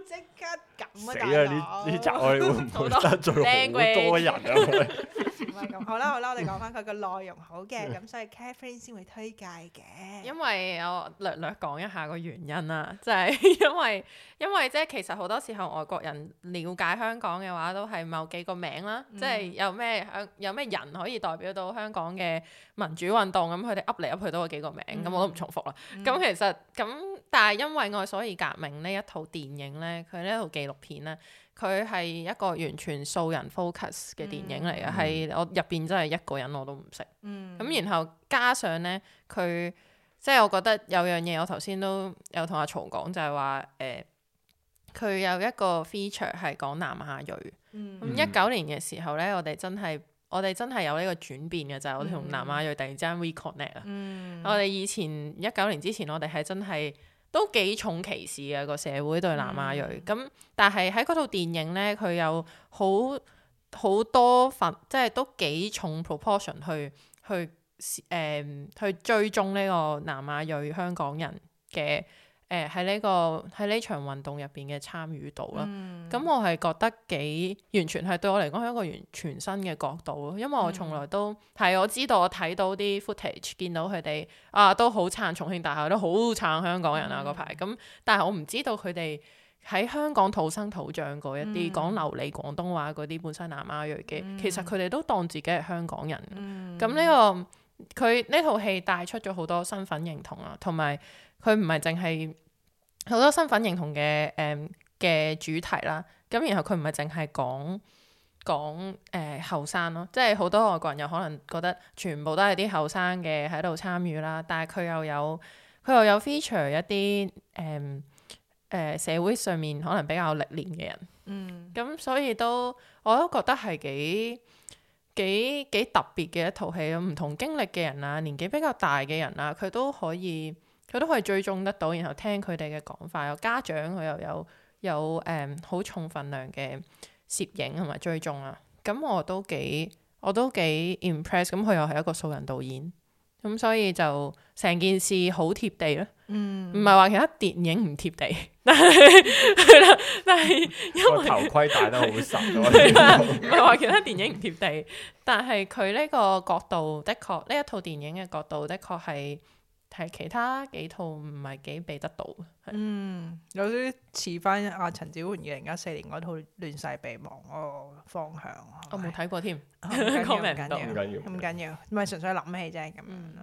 即刻咁啊！死啦！呢呢集我哋會得罪好多人啊！咁好啦好啦，我哋講返佢個內容，好嘅咁，所以 Catherine 先會推介嘅。因為我略略講一下個原因啦，就係因為因為即係其實好多時候外國人瞭解香港嘅話，都係某幾個名啦，即係有咩有有咩人可以代表到香港嘅民主運動咁，佢哋噏嚟噏去都嗰幾個名，咁我都唔重複啦。咁其實咁。但係因為愛所以革命呢一套電影呢，佢呢套紀錄片呢，佢係一個完全素人 focus 嘅電影嚟嘅，係、嗯、我入邊真係一個人我都唔識。咁、嗯、然後加上呢，佢即係我覺得有樣嘢，我頭先都有同阿曹講就係、是、話，誒、呃、佢有一個 feature 係講南亞裔。咁一九年嘅時候呢，我哋真係我哋真係有呢個轉變嘅，就係、是、我同南亞裔突然之間 reconnect 啦。嗯嗯、我哋以前一九年之前我，我哋係真係。都幾重歧視啊，個社會對南亞裔咁，嗯、但係喺嗰套電影咧，佢有好好多份，即係都幾重 proportion 去去誒、嗯、去追蹤呢個南亞裔香港人嘅。誒喺呢個喺呢場運動入邊嘅參與度啦，咁、嗯、我係覺得幾完全係對我嚟講係一個完全新嘅角度咯，因為我從來都係、嗯、我知道我睇到啲 footage，見到佢哋啊都好撐重慶大廈，都好撐香港人啊嗰排，咁、嗯、但係我唔知道佢哋喺香港土生土長嗰一啲、嗯、講流利廣東話嗰啲本身南亞裔嘅，其實佢哋都當自己係香港人。咁呢、嗯呢個佢呢套戲帶出咗好多身份認同啊，同埋。佢唔係淨係好多身份認同嘅誒嘅主題啦，咁然後佢唔係淨係講講誒後生咯，即係好多外國人有可能覺得全部都係啲後生嘅喺度參與啦，但係佢又有佢又有 feature 一啲誒誒社會上面可能比較歷練嘅人，嗯，咁、嗯、所以都我都覺得係幾幾幾特別嘅一套戲，有唔同經歷嘅人啊，年紀比較大嘅人啊，佢都可以。佢都可以追蹤得到，然後聽佢哋嘅講法。有家長佢又有有誒好、嗯、重分量嘅攝影同埋追蹤啊。咁我都幾我都幾 impress。咁佢又係一個素人導演，咁所以就成件事好貼地囉。嗯，唔係話其他電影唔貼地，但係係啦，但係因為頭盔戴得好實。唔係話其他電影唔貼地， 但係佢呢個角度的確，呢一套電影嘅角度的確係。係其他幾套唔係幾備得到，嗯，有啲似翻阿陳子桓二零一四年嗰套亂世備忘是是哦，方向我冇睇過添，唔緊要，唔緊 comment 要，唔係純粹諗起啫咁，嗯、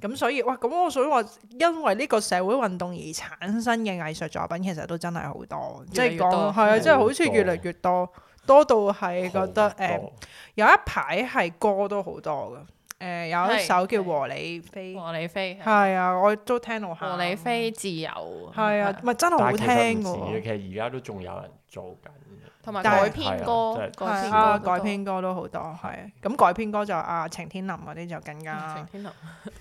樣，咁所以哇，咁我所以話，因為呢個社會運動而產生嘅藝術作品，其實都真係好多，即係講係啊，即係好似越嚟越多、多、多，多到係覺得誒，有一排係歌都好多噶。誒，有一首叫《和你飛》，和你飛係啊，我都聽到下。和你飛自由係啊，咪真係好聽㗎。其實而家都仲有人做緊，同埋改編歌，改編歌，改編歌都好多係。咁改編歌就啊，晴天林嗰啲就更加，晴天林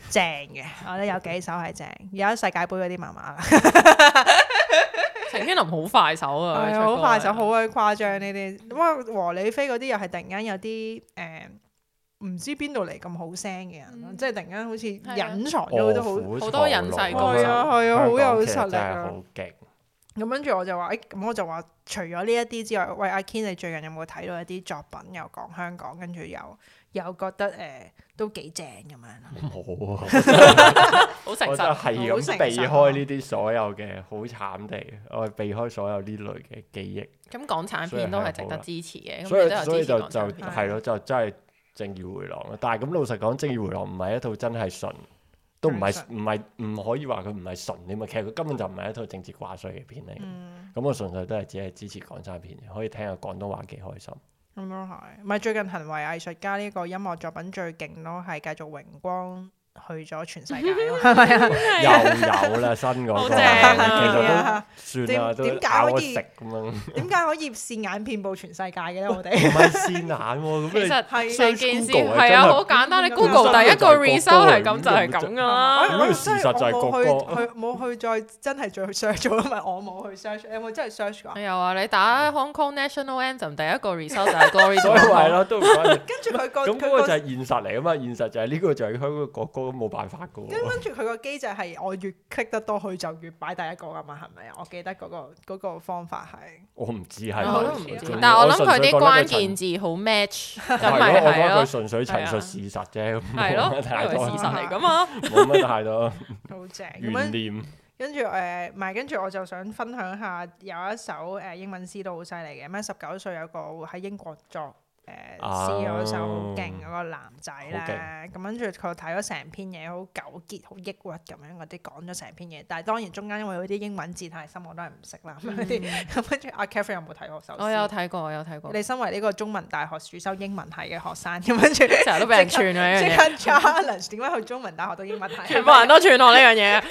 正嘅，我覺得有幾首係正。而家世界盃嗰啲麻麻啦。晴天林好快手啊，好快手，好鬼誇張呢啲。不過和你飛嗰啲又係突然間有啲誒。唔知邊度嚟，咁好聲嘅人，即係突然間好似隱藏咗都好好多隱世咁啊！係啊，好有實力好勁啊！咁跟住我就話，誒，咁我就話，除咗呢一啲之外，喂，阿 Ken，你最近有冇睇到一啲作品又講香港，跟住又又覺得誒都幾正咁樣？冇啊！我就係咁避開呢啲所有嘅，好慘地，我避開所有呢類嘅記憶。咁港產片都係值得支持嘅，咁所以所以就就係咯，就真係。正義回廊，但係咁老實講，正義回廊唔係一套真係純，都唔係唔係唔可以話佢唔係純添啊！其實佢根本就唔係一套政治掛帥嘅片嚟。咁、嗯、我純粹都係只係支持港產片，可以聽下廣東話幾開心。咁都係，唔、嗯、係最近行為藝術家呢個音樂作品最勁咯，係繼續榮光。去咗全世界，有有啦，新個，算啦，都點解可以點解可以視眼遍佈全世界嘅咧？我哋唔係視眼喎，其實係見是係啊，好簡單。你 Google 第一個 result 係咁就係咁噶啦。咁事實就係國歌，去冇去再真係再 search 咗，咪我冇去 search，有冇真係 search 過。有啊，你打 Hong Kong National Anthem 第一個 result 就係 Glory，係咯，都跟住佢個咁嗰個就係現實嚟噶嘛，現實就係呢個就係香港國歌。都冇辦法噶喎！跟住佢個機制係，我越 click 得多，佢就越擺第一個噶嘛，係咪啊？我記得嗰、嗰個嗰個方法係、哦，我唔知係，我都唔知，但係我諗佢啲關鍵字好 match，就唔係咯。係咯，我覺得佢純粹陳述事實啫，係咯，睇下事實嚟噶嘛，冇乜太多。好正，跟住誒，唔係跟住我就想分享下有一首誒、呃、英文詩都好犀利嘅，咩十九歲有個喺英國作。誒，嗯、試咗首好勁嗰個男仔咧，咁跟住佢睇咗成篇嘢，好糾結，好抑鬱咁樣嗰啲，講咗成篇嘢。但係當然中間因為有啲英文字太深，我都係唔識啦，咁跟住阿 Catherine 有冇睇過首我過？我有睇過，有睇過。你身為呢個中文大學主修英文系嘅學生，咁跟住成日都俾人串啦呢樣嘢，即刻 challenge 點解去中文大學讀英文系？ 全部人都串我呢樣嘢。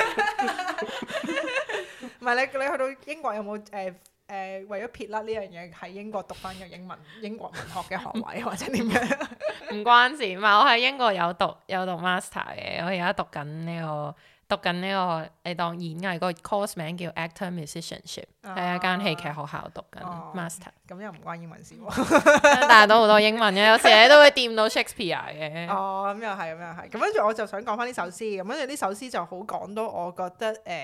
唔係你，你去 到英國有冇誒？呃誒、呃、為咗撇甩呢樣嘢喺英國讀翻個英文 英國文學嘅學位或者點樣？唔 關事嘛，我喺英國有讀有讀 master 嘅，我而家讀緊、這、呢個。讀緊呢、這個你當演藝個 course 名叫 Actor Musicianship，係、啊、一間戲劇學校讀緊、啊、master。咁又唔關英文事喎， 但係都好多英文嘅， 有時你都會掂到 Shakespeare 嘅。哦，咁又係，咁又係。咁跟住我就想講翻呢首詩，咁跟住呢首詩就好講到，我覺得誒，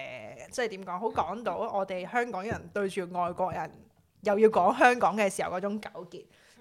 即係點講，好講到我哋香港人對住外國人又要講香港嘅時候嗰種糾結。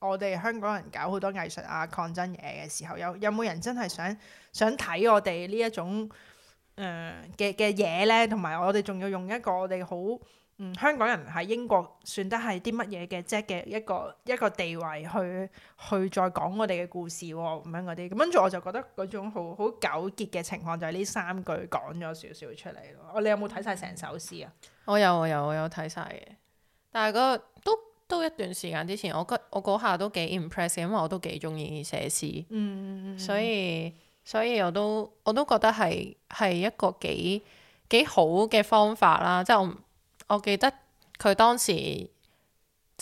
我哋香港人搞好多藝術啊抗爭嘢嘅時候，有有冇人真係想想睇我哋呢一種誒嘅嘅嘢咧？同埋我哋仲要用一個我哋好嗯香港人喺英國算得係啲乜嘢嘅啫嘅一個一個地位去去再講我哋嘅故事喎咁樣，嗰啲咁跟住我就覺得嗰種好好糾結嘅情況就係呢三句講咗少少出嚟咯。你有冇睇晒成首詩啊我？我有我有我有睇晒嘅，但係個都。都一段時間之前，我嗰我下都幾 impress 因為我都幾中意寫詩，嗯嗯、所以所以我都我都覺得係係一個幾幾好嘅方法啦。即係我我記得佢當時即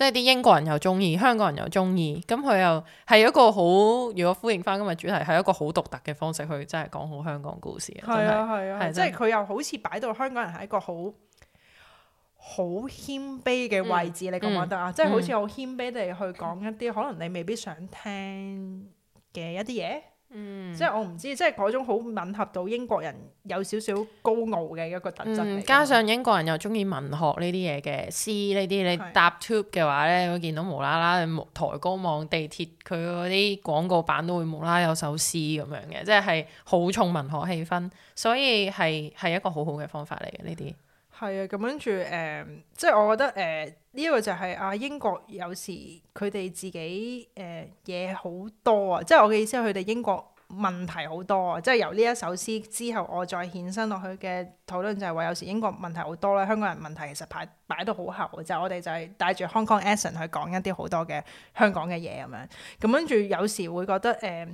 係啲英國人又中意，香港人又中意，咁佢又係一個好如果呼應翻今日主題係一個好獨特嘅方式去真係講好香港故事啊！係啊係啊，啊即係佢又好似擺到香港人係一個好。好謙卑嘅位置，你覺唔覺得啊？即係好似好謙卑地去講一啲可能你未必想聽嘅一啲嘢。嗯，即係我唔知，即係嗰種好吻合到英國人有少少高傲嘅一個特質嚟。加上英國人又中意文學呢啲嘢嘅詩呢啲，你搭 tube 嘅話咧，會見到無啦啦，你抬高望地鐵佢嗰啲廣告板都會無啦有首詩咁樣嘅，即係好重文學氣氛。所以係係一個好好嘅方法嚟嘅呢啲。係啊，咁跟住誒，即係我覺得誒呢一個就係、是、啊英國有時佢哋自己誒嘢好多啊，即係我嘅意思係佢哋英國問題好多啊，即係由呢一首詩之後我再衍生落去嘅討論就係話有時英國問題好多啦，香港人問題其實排擺到好後，就是、我哋就係帶住 Hong Kong accent 去講一啲好多嘅香港嘅嘢咁樣，咁跟住有時會覺得誒、呃、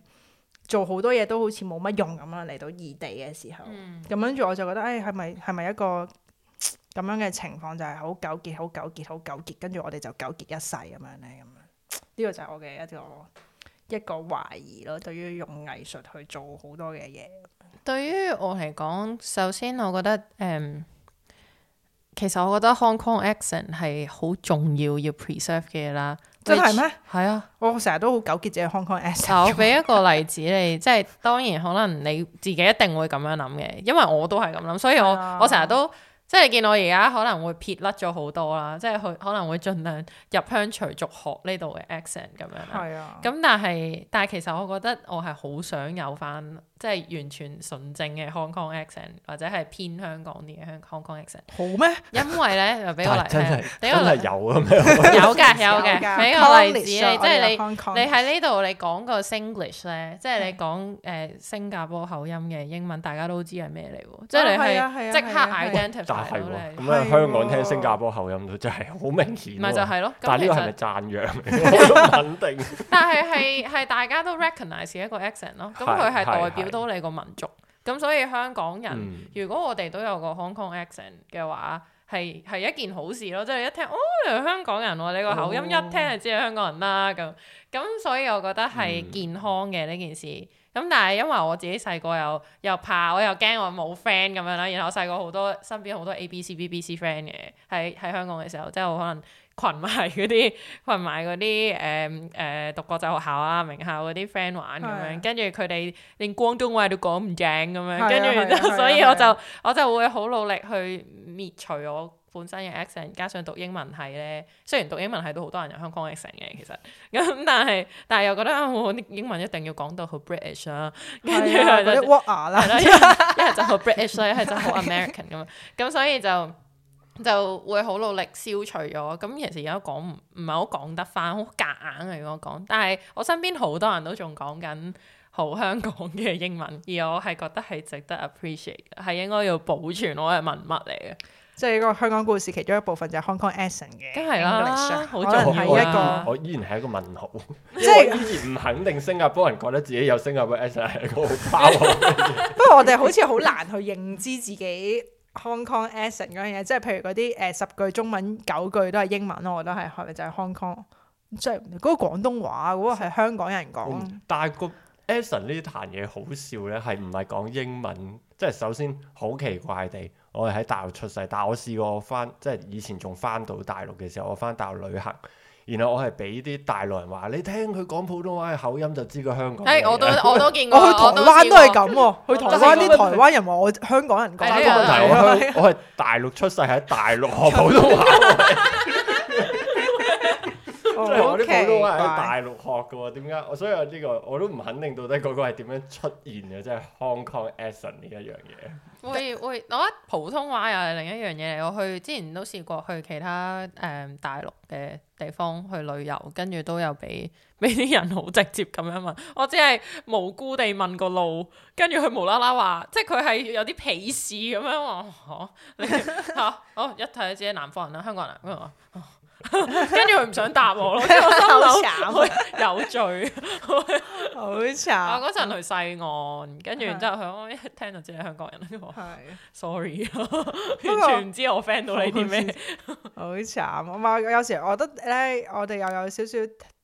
做好多嘢都好似冇乜用咁啊嚟到異地嘅時候，咁跟住我就覺得誒係咪係咪一個？咁樣嘅情況就係好糾結，好糾結，好糾結，跟住我哋就糾結一世咁樣咧。咁樣呢、這個就係我嘅一個一個懷疑咯。對於用藝術去做好多嘅嘢，對於我嚟講，首先我覺得誒、嗯，其實我覺得 Hong Kong accent 係好重要要 preserve 嘅啦。真係咩？係 which, 啊，我成日都好糾結，自己 Hong Kong accent。我俾一個例子你， 即係當然可能你自己一定會咁樣諗嘅，因為我都係咁諗，所以我 Yeah. 我成日都。即係見我而家可能會撇甩咗好多啦，即係去可能會盡量入鄉隨俗學呢度嘅 accent 咁樣啦。係啊，咁但係但係其實我覺得我係好想有翻。即係完全純正嘅 Hong Kong accent，或者係偏香港啲嘅 Hong Kong accent，好咩？因為咧就俾個例子。係真係有啊，有㗎有嘅，俾個例子，你即係你你喺呢度你講個 Singlish 咧，即係你講誒新加坡口音嘅英文，大家都知係咩嚟喎？即係你係即刻 identify，但係咁喺香港聽新加坡口音就真係好明顯，咪就係咯？但呢個係咪讚揚？肯定，但係係係大家都 recognize 一個 accent 咯，咁佢係代表。到你個民族，咁所以香港人，嗯、如果我哋都有個 Hong Kong accent 嘅話，係係一件好事咯。即係一聽哦，你係香港人，你個口音一聽就知係香港人啦。咁咁、哦，所以我覺得係健康嘅呢件事。咁、嗯、但係因為我自己細個又又怕，我又驚我冇 friend 咁樣啦。然後我細個好多身邊好多 ABC、BBC friend 嘅喺喺香港嘅時候，即係我可能。群埋嗰啲，群埋嗰啲誒，誒、嗯，讀國際學校啊、名校嗰啲 friend 玩咁樣，跟住佢哋連廣東話都講唔正咁樣，跟住、啊啊、所以我就、啊啊、我就我就會好努力去滅除我本身嘅 accent，加上讀英文系咧，雖然讀英文系都好多人有香港 accent 嘅，其實咁但係但係又覺得我啲、哦、英文一定要講到好 british、啊啊啊、啦哈哈哈哈，跟住一係就話牙啦，一係就好 british 啦，一係就好 American 咁樣，咁所以就。 就會好努力消除咗，咁其實而家講唔唔係好講得翻，好夾硬如果講。但係我身邊好多人都仲講緊好香港嘅英文，而我係覺得係值得 appreciate，係應該要保存我嘅文物嚟嘅。即係呢個香港故事其中一部分就係 Hong Kong accent 嘅，梗係啦，好重要啦。我依然係一個問號，即 係依然唔肯定新加坡人覺得自己有新加坡 accent 係一個包袱。 不過我哋好似好難去認知自己。Hong Kong accent 嗰樣嘢，即係譬如嗰啲誒、十句中文九句都係英文咯，我覺得係係咪就係 Hong Kong？即係嗰個廣東話嗰個係香港人講、哦。但係個 accent 呢壇嘢好笑咧，係唔係講英文？即係首先好奇怪地，我係喺大陸出世，但係我試過返，即係以前仲返到大陸嘅時候，我返大陸旅行。然後我係俾啲大陸人話，你聽佢講普通話嘅口音就知佢香港人。誒，我都我都見過。是我去台灣、啊、都係咁喎，去台灣啲台灣人話我香港人講。係啊，題啊我係我係大陸出世喺大陸 學普通話。 即係我啲普通話喺大陸學嘅喎，點解對？所以我、這、呢個我都唔肯定到底嗰個係點樣出現嘅，即係 Hong Kong accent 呢一樣嘢。會會，我覺得普通話又係另一樣嘢嚟。我去之前都試過去其他誒、嗯、大陸嘅地方去旅遊，跟住都有俾俾啲人好直接咁樣問我，只係無辜地問個路，跟住佢無啦啦話，即係佢係有啲鄙視咁樣話，吓好、哦 啊哦、一睇知係南方人啦，香港人咁樣跟住佢唔想答我咯，好慘，有罪，好慘。我嗰陣去西岸，跟住然之後佢我一聽就知係香港人，我話係，sorry，完全唔知我 friend 到你啲咩，好慘。啊嘛，有時我覺得咧、哎，我哋又有少少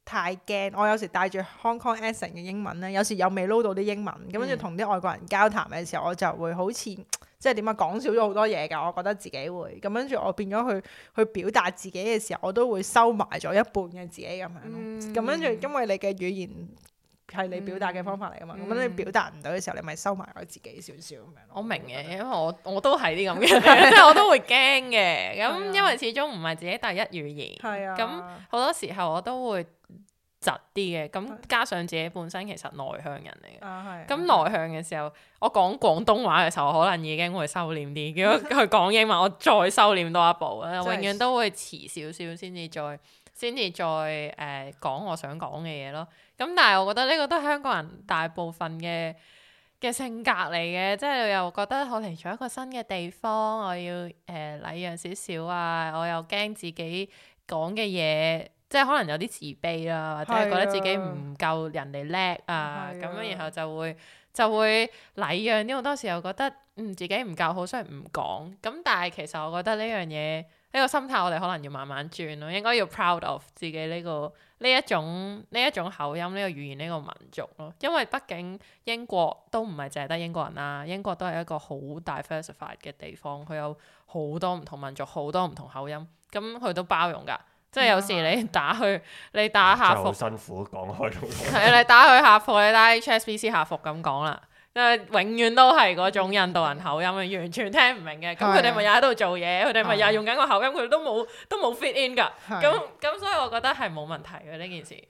太驚。我有時帶住 Hong Kong accent 嘅英文咧，有時又未撈到啲英文，咁跟住同啲外國人交談嘅時候，我就會好似。即係點啊？講少咗好多嘢噶，我覺得自己會咁跟住，我變咗去去表達自己嘅時候，我都會收埋咗一半嘅自己咁樣。咁跟住，因為你嘅語言係你表達嘅方法嚟噶嘛，咁、嗯、你表達唔到嘅時候，你咪收埋我自己少少咁樣。我明嘅，因為我我都係啲咁嘅，即係 我都會驚嘅。咁因為始終唔係自己第一語言，係是啊。咁好多時候我都會。窒啲嘅，咁加上自己本身其實內向人嚟嘅，咁、啊、內向嘅時候，我講廣東話嘅時候可能已經會收斂啲，如果佢講英文， 我再收斂多一步，就是、永遠都會遲少少先至再先至再誒、呃、講我想講嘅嘢咯。咁但係我覺得呢個都係香港人大部分嘅嘅性格嚟嘅，即係又覺得我嚟咗一個新嘅地方，我要誒、呃、禮讓少少啊，我又驚自己講嘅嘢。即係可能有啲自卑啦，或者係覺得自己唔夠人哋叻啊，咁、啊、樣然後就會就會禮讓啲。好多時候覺得嗯自己唔夠好，所以唔講。咁但係其實我覺得呢樣嘢呢個心態，我哋可能要慢慢轉咯。應該要 proud of 自己呢、呢個呢一種呢一種口音、呢個語言、呢個民族咯、啊。因為畢竟英國都唔係淨係得英國人啦、啊，英國都係一個好大 diversified 嘅地方。佢有好多唔同民族、好多唔同口音，咁、嗯、佢都包容噶。嗯啊、因為有時你打去你打客服，好辛苦講開。係 你打去客服，你打 H S B C 客服咁講啦，因為永遠都係嗰種印度人口音，完全聽唔明嘅。咁佢哋咪又喺度做嘢，佢哋咪又用緊個口音，佢的都冇都冇 fit in 噶。咁咁的所以，我覺得係冇問題嘅呢件事。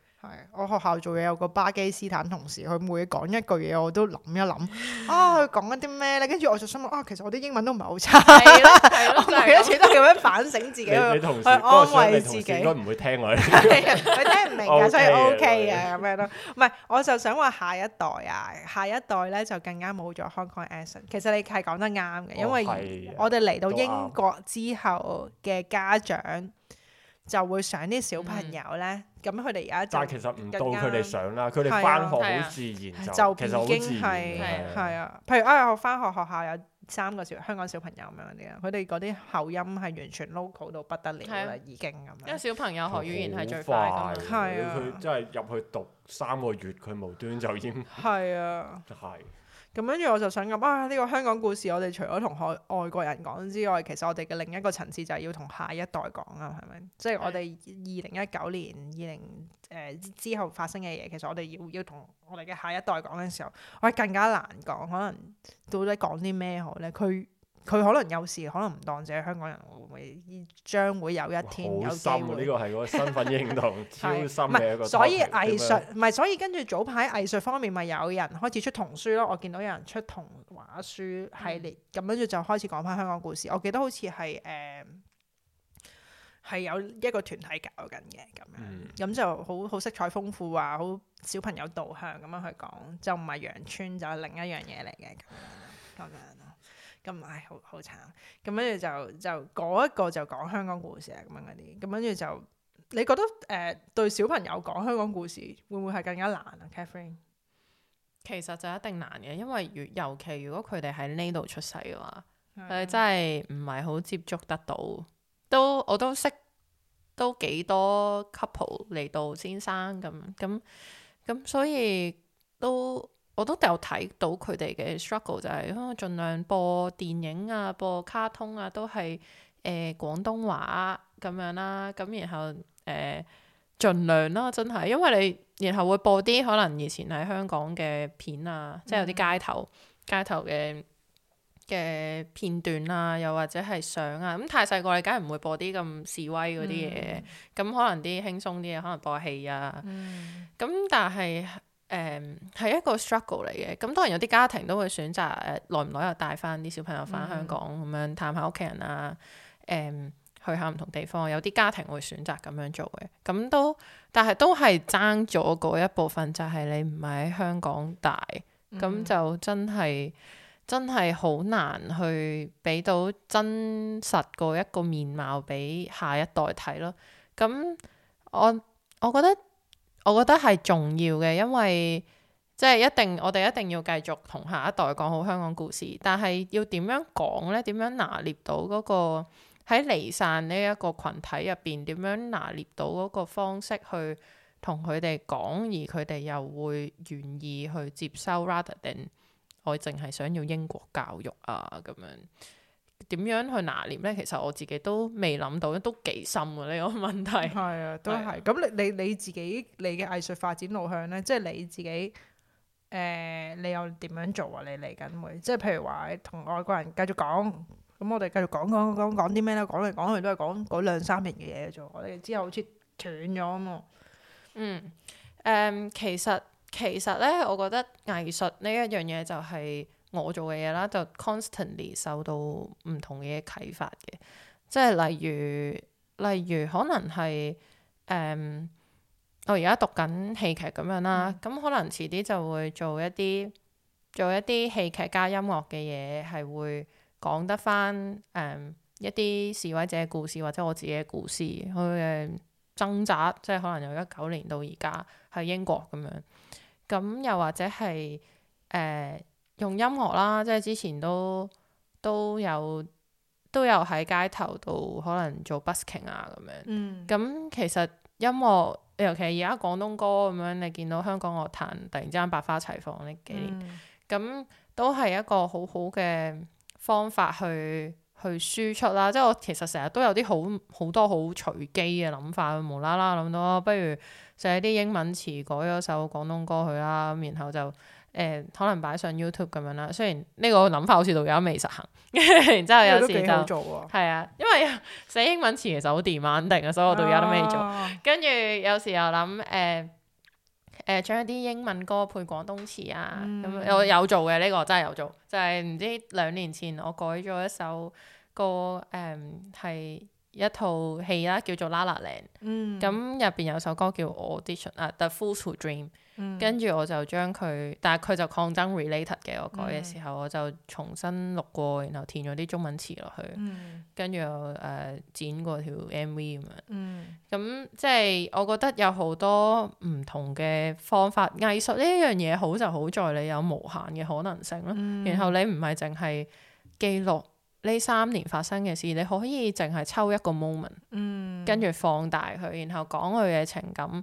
我學校做嘢有個巴基斯坦同事，佢每講一句嘢我都諗一諗啊，佢講緊啲咩咧？跟住我就想問啊，其實我啲英文都唔係好差啦，我每一次都係咁樣反省自己，去安慰自己。應該唔會聽我。佢聽唔明㗎，所以 OK 嘅咁樣咯。唔係，我就想話下一代啊，下一代咧就更加冇咗 Hong Kong accent。其實你係講得啱嘅，因為我哋嚟到英國之後嘅家長就會想啲小朋友咧。咁佢哋而家就，但係其實唔到佢哋想啦，佢哋翻學好自然就，其實好自然嘅。係啊，譬如啊，我翻學學校有三個小香港小朋友咁樣啲啊，佢哋嗰啲口音係完全 local 到不得了啦，已經咁。因為小朋友學語言係最快嘅，係啊，佢真係入去讀三個月，佢無端就已經係啊，係。咁跟住我就想咁啊，呢個香港故事，我哋除咗同外外國人講之外，其實我哋嘅另一個層次就係要同下一代講啊，係咪？即係我哋二零一九年、二零誒之後發生嘅嘢，其實我哋要要同我哋嘅下一代講嘅時候，我、哎、係更加難講，可能到底講啲咩好咧？佢佢可能有時可能唔當自己香港人，會唔會將會有一天有心？呢個係個身份認同 是超深嘅一個。所以藝術，唔係嗎，所以跟住早排藝術方面，咪有人開始出童書咯。我見到有人出童話書系列，咁跟住就開始講翻香港故事。我記得好似係誒係有一個團體搞緊嘅咁樣，咁、嗯、就好好色彩豐富啊，好小朋友導向咁樣去講，就唔係羊村，就係另一樣嘢嚟嘅咁樣。咁唉、嗯哎，好好慘。咁跟住就就嗰一個就講香港故事啊，咁樣嗰啲。咁跟住就你覺得誒、呃，對小朋友講香港故事會唔會係更加難啊？Catherine，其實就一定難嘅，因為尤尤其如果佢哋喺呢度出世嘅話，誒、嗯、佢真係唔係好接觸得到。都我都識都幾多 couple 嚟到先生咁咁咁，所以都。我都有睇到佢哋嘅 struggle，就係，啊，盡量播電影啊，播卡通啊，都係誒、呃，廣東話咁樣啦，咁然後，誒、呃，盡量啦，真係，因為你，然後會播啲可能以前喺香港嘅片啊，即係有啲街頭、嗯、街頭嘅嘅片段啊，又或者係相啊，咁太細個，你梗係唔會播啲咁示威嗰啲嘢，咁、嗯、可能啲輕鬆啲嘅，可能播戲啊，咁、嗯、但係。誒係、um, 一個 struggle 嚟嘅，咁當然有啲家庭都會選擇誒耐唔耐又帶翻啲小朋友翻香港咁、嗯、樣探下屋企人啊，誒、嗯、去下唔同地方，有啲家庭會選擇咁樣做嘅，咁都但係都係爭咗嗰一部分，就係、嗯、你唔係喺香港大，咁、嗯、就真係真係好難去俾到真實個一個面貌俾下一代睇咯。咁我我覺得。我覺得係重要嘅，因為即係一定，我哋一定要繼續同下一代講好香港故事。但係要點樣講呢？點樣拿捏到嗰個喺離散呢一個群體入邊？點樣拿捏到嗰個方式去同佢哋講，而佢哋又會願意去接收，rather than 我淨係想要英國教育啊咁樣。點樣去拿捏咧？其實我自己都未諗到，都幾深嘅呢、這個問題。係啊，都係。咁、啊、你你你自己你嘅藝術發展路向咧，即係你自己誒、呃，你又點樣做啊？你嚟緊會即係，譬如話同外國人繼續講，咁我哋繼續講講講講啲咩咧？講嚟講去都係講嗰兩三年嘅嘢啫，我哋之後好似斷咗啊嘛。嗯、誒、其實其實咧，我覺得藝術呢一樣嘢就係、是。我做嘅嘢啦，就 constantly 受到唔同嘅啟發嘅，即係例如，例如可能係誒、嗯、我而家讀緊戲劇咁樣啦，咁、嗯、可能遲啲就會做一啲做一啲戲劇加音樂嘅嘢，係會講得翻誒、嗯、一啲示威者故事或者我自己嘅故事去誒掙扎，即係可能由一九年到而家喺英國咁樣，咁又或者係誒。呃用音樂啦，即係之前都有都有都有喺街頭度可能做 busking 啊咁、嗯、樣。咁其實音樂，尤其係而家廣東歌咁樣，你見到香港樂壇突然之間百花齊放呢幾年，咁、嗯、都係一個好好嘅方法去去輸出啦。即係我其實成日都有啲好好多好隨機嘅諗法，無啦啦諗到不如寫啲英文詞改咗首廣東歌去啦，咁然後就。誒、呃、可能擺上 YouTube 咁樣啦，雖然呢個諗法好似到而家未實行，然之後有時就係啊，因為 寫英文詞其實好填晚定啊，所以我到而家都未做。跟住、啊、有時又諗誒誒將一啲英文歌配廣東詞啊，咁我、嗯、有，有做嘅呢、呢個真係有做，就係、係、唔知兩年前我改咗一首歌，誒、嗯、係一套戲啦，叫做《La La Land》。嗯，咁入邊有首歌叫 Audition 啊，《The Fools Who Dream》。嗯、跟住我就將佢，但係佢就抗爭 related 嘅。我改嘅時候，嗯、我就重新錄過，然後填咗啲中文詞落去。嗯、跟住又誒剪過條 MV 咁樣。咁即係我覺得有好多唔同嘅方法。藝術呢樣嘢好就好在你有無限嘅可能性囉。嗯、然後你唔係淨係記錄呢三年發生嘅事，你可以淨係抽一個 moment，嗯、跟住放大佢，然後講佢嘅情感。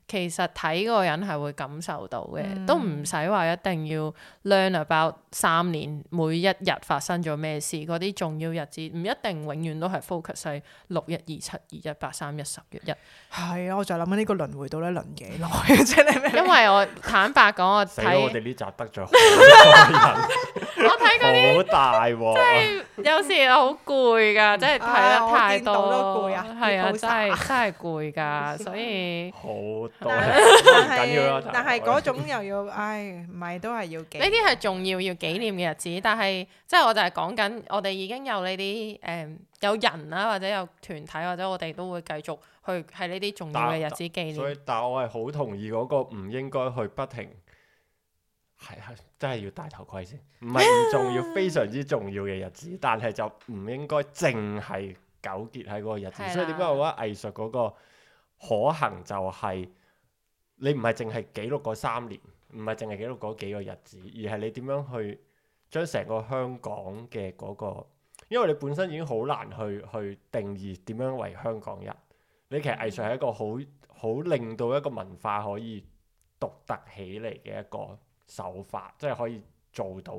其實睇嗰個人係會感受到嘅，嗯、都唔使話一定要 learn about 三年，每一日發生咗咩事，嗰啲重要日子唔一定永遠都係 focus 喺六一、二七、嗯、二一、八三一、十月一。係啊，我就諗緊呢個輪回到咧輪幾耐啊？即係咩？因為我坦白講，我睇我哋呢集得咗好多人， 我睇嗰啲好大、啊，即係有時好攰㗎，即係睇得太多，係、哎、啊，真係是 真係攰㗎，所以好。 但係但係嗰種又要唉，唔係都係要紀念。呢啲係重要要紀念嘅日子，但係即係我就係講緊，我哋已經有呢啲，誒有人啦，或者有團體，或者我哋都會繼續去喺呢啲重要嘅日子紀念。所以，但係我係好同意嗰個唔應該去不停係啊，真係要戴頭盔先，唔係唔重要，非常之重要嘅日子，但係就唔應該淨係糾結喺嗰個日子。所以點解我話藝術嗰個可能就係。你唔係淨係記錄嗰三年，唔係淨係記錄嗰幾個日子，而係你點樣去將成個香港嘅嗰個，因為你本身已經好難去去定義點樣為香港人。你其實藝術係一個好好令到一個文化可以獨特起嚟嘅一個手法，即係可以做到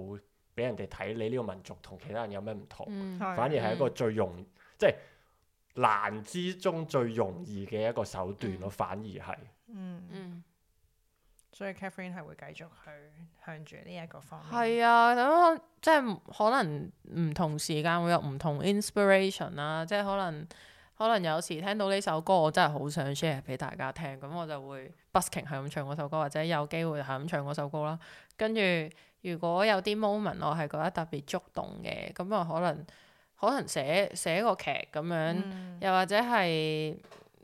俾人哋睇你呢個民族同其他人有咩唔同，嗯、反而係一個最容易，嗯、即係難之中最容易嘅一個手段咯，嗯、反而係。嗯嗯，所以 Catherine 係會繼續去向住呢一個方向。係啊，咁、嗯、即係可能唔同時間會有唔同 inspiration 啦、啊。即係可能可能有時聽到呢首歌，我真係好想 share 俾大家聽。咁我就會 busking 係咁唱嗰首歌，或者有機會係咁唱嗰首歌啦。跟住如果有啲 moment 我係覺得特別觸動嘅，咁啊可能可能寫寫個劇咁樣，嗯、又或者係。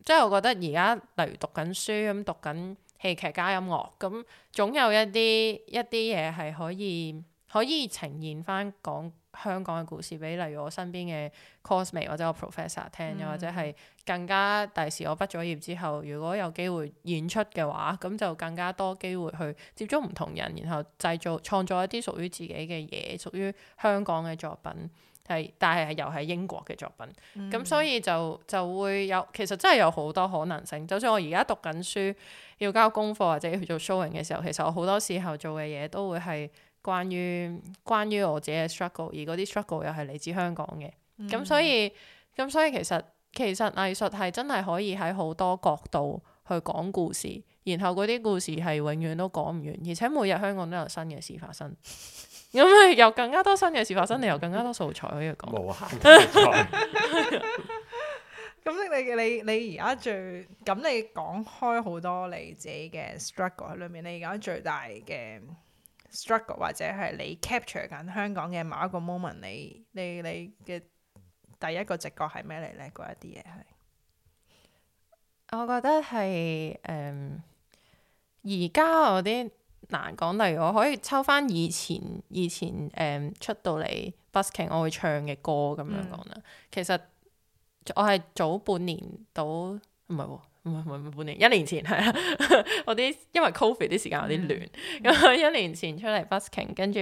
即係我覺得而家例如讀緊書咁讀緊戲劇加音樂咁，總有一啲一啲嘢係可以可以呈現翻講香港嘅故事俾例如我身邊嘅 classmate 或者我 professor 聽，又、嗯、或者係更加第時我畢咗業之後，如果有機會演出嘅話，咁就更加多機會去接觸唔同人，然後製造創造一啲屬於自己嘅嘢，屬於香港嘅作品。係，但係又係英國嘅作品，咁、嗯、所以就就會有，其實真係有好多可能性。就算我而家讀緊書，要交功課或者去做 showing 嘅時候，其實我好多時候做嘅嘢都會係關於關於我自己嘅 struggle，而嗰啲 struggle 又係嚟自香港嘅。咁、嗯、所以咁所以其實其實藝術係真係可以喺好多角度。去講故事，然後嗰啲故事係永遠都講唔完，而且每日香港都有新嘅事發生，咁咪有更加多新嘅事發生，你有更加多素材可以講。無咁你你你而家最，咁你講開好多你自己嘅 struggle 喺裏面，你而家最大嘅 struggle 或者係你 capture 緊香港嘅某一個 moment，你你你嘅第一個直覺係咩嚟呢？嗰一啲嘢係。我覺得係誒，而、呃、家我啲難講，例如我可以抽翻以前以前誒、呃、出到嚟 busking，我會唱嘅歌咁樣講啦。嗯、其實我係早半年到，唔係喎，唔係唔係半年，一年前係啦。 我啲因為 covid 啲時間有啲亂，咁、嗯、 一年前出嚟 busking，跟住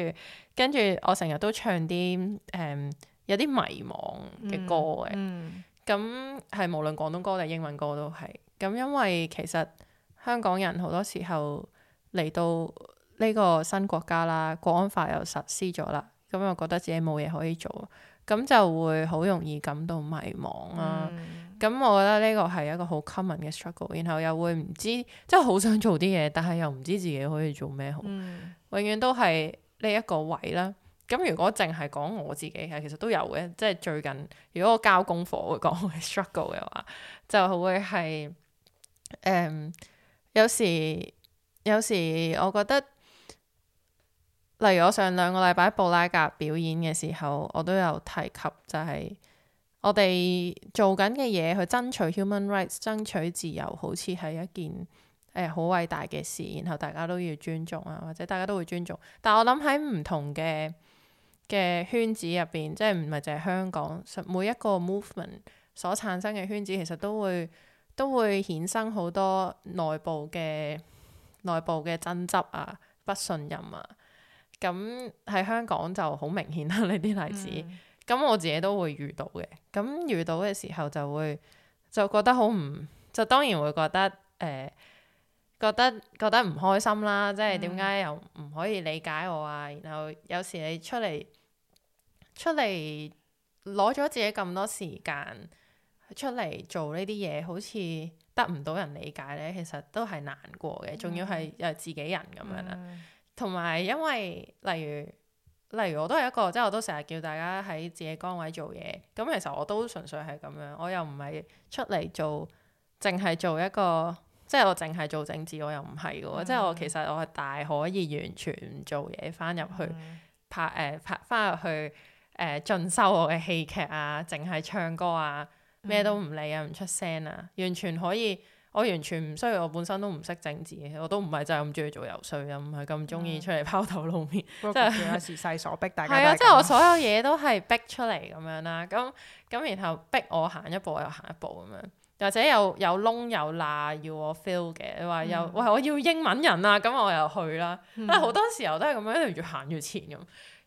跟住我成日都唱啲誒、嗯、有啲迷茫嘅歌嘅。嗯嗯咁係無論廣東歌定英文歌都係，咁因為其實香港人好多時候嚟到呢個新國家啦，國安法又實施咗啦，咁又覺得自己冇嘢可以做，咁就會好容易感到迷茫啊。咁、嗯、我覺得呢個係一個好 common 嘅 struggle，然後又會唔知，即係好想做啲嘢，但係又唔知自己可以做咩好，嗯、永遠都係呢一個位啦。咁如果淨係講我自己嘅，其實都有嘅。即係最近，如果我交功課會講 struggle 嘅話，就會係誒有時有時，有時我覺得例如我上兩個禮拜布拉格表演嘅時候，我都有提及、就係，就係我哋做緊嘅嘢去爭取 human rights、爭取自由，好似係一件誒好偉大嘅事。然後大家都要尊重啊，或者大家都會尊重。但我諗喺唔同嘅嘅圈子入邊，即係唔係淨係香港，每一個 movement 所產生嘅圈子，其實都會都會衍生好多內部嘅內部嘅爭執啊、不信任啊。咁喺香港就好明顯啦、啊，呢啲例子。咁、嗯、我自己都會遇到嘅。咁遇到嘅時候就會就覺得好唔就當然會覺得誒。呃覺得覺得唔開心啦，即係點解又唔可以理解我啊？然後有時你出嚟出嚟攞咗自己咁多時間出嚟做呢啲嘢，好似得唔到人理解咧，其實都係難過嘅。仲要係又自己人咁樣啦。同埋、嗯嗯、因為例如例如我都係一個，即係我都成日叫大家喺自己崗位做嘢。咁其實我都純粹係咁樣，我又唔係出嚟做，淨係做一個。即係我淨係做政治，我又唔係嘅，嗯、即係我其實我係大可以完全唔做嘢，翻入去拍誒、嗯呃、拍翻入去誒進、呃、修我嘅戲劇啊，淨係唱歌啊，咩都唔理啊，唔出聲啊，完全可以。我完全唔需要，我本身都唔識政治嘅，我都唔係真係咁中意做遊說，又唔係咁中意出嚟拋頭露面，即係一時勢所逼。係、 就是、 啊，即係我所有嘢都係逼出嚟咁樣啦。咁咁 然後逼我行一步，我又行一步咁樣。或者有有窿有罅要我 fill 嘅，你話又我我要英文人啊，咁我又去啦。嗯、但係好多時候都係咁樣，越行越前咁。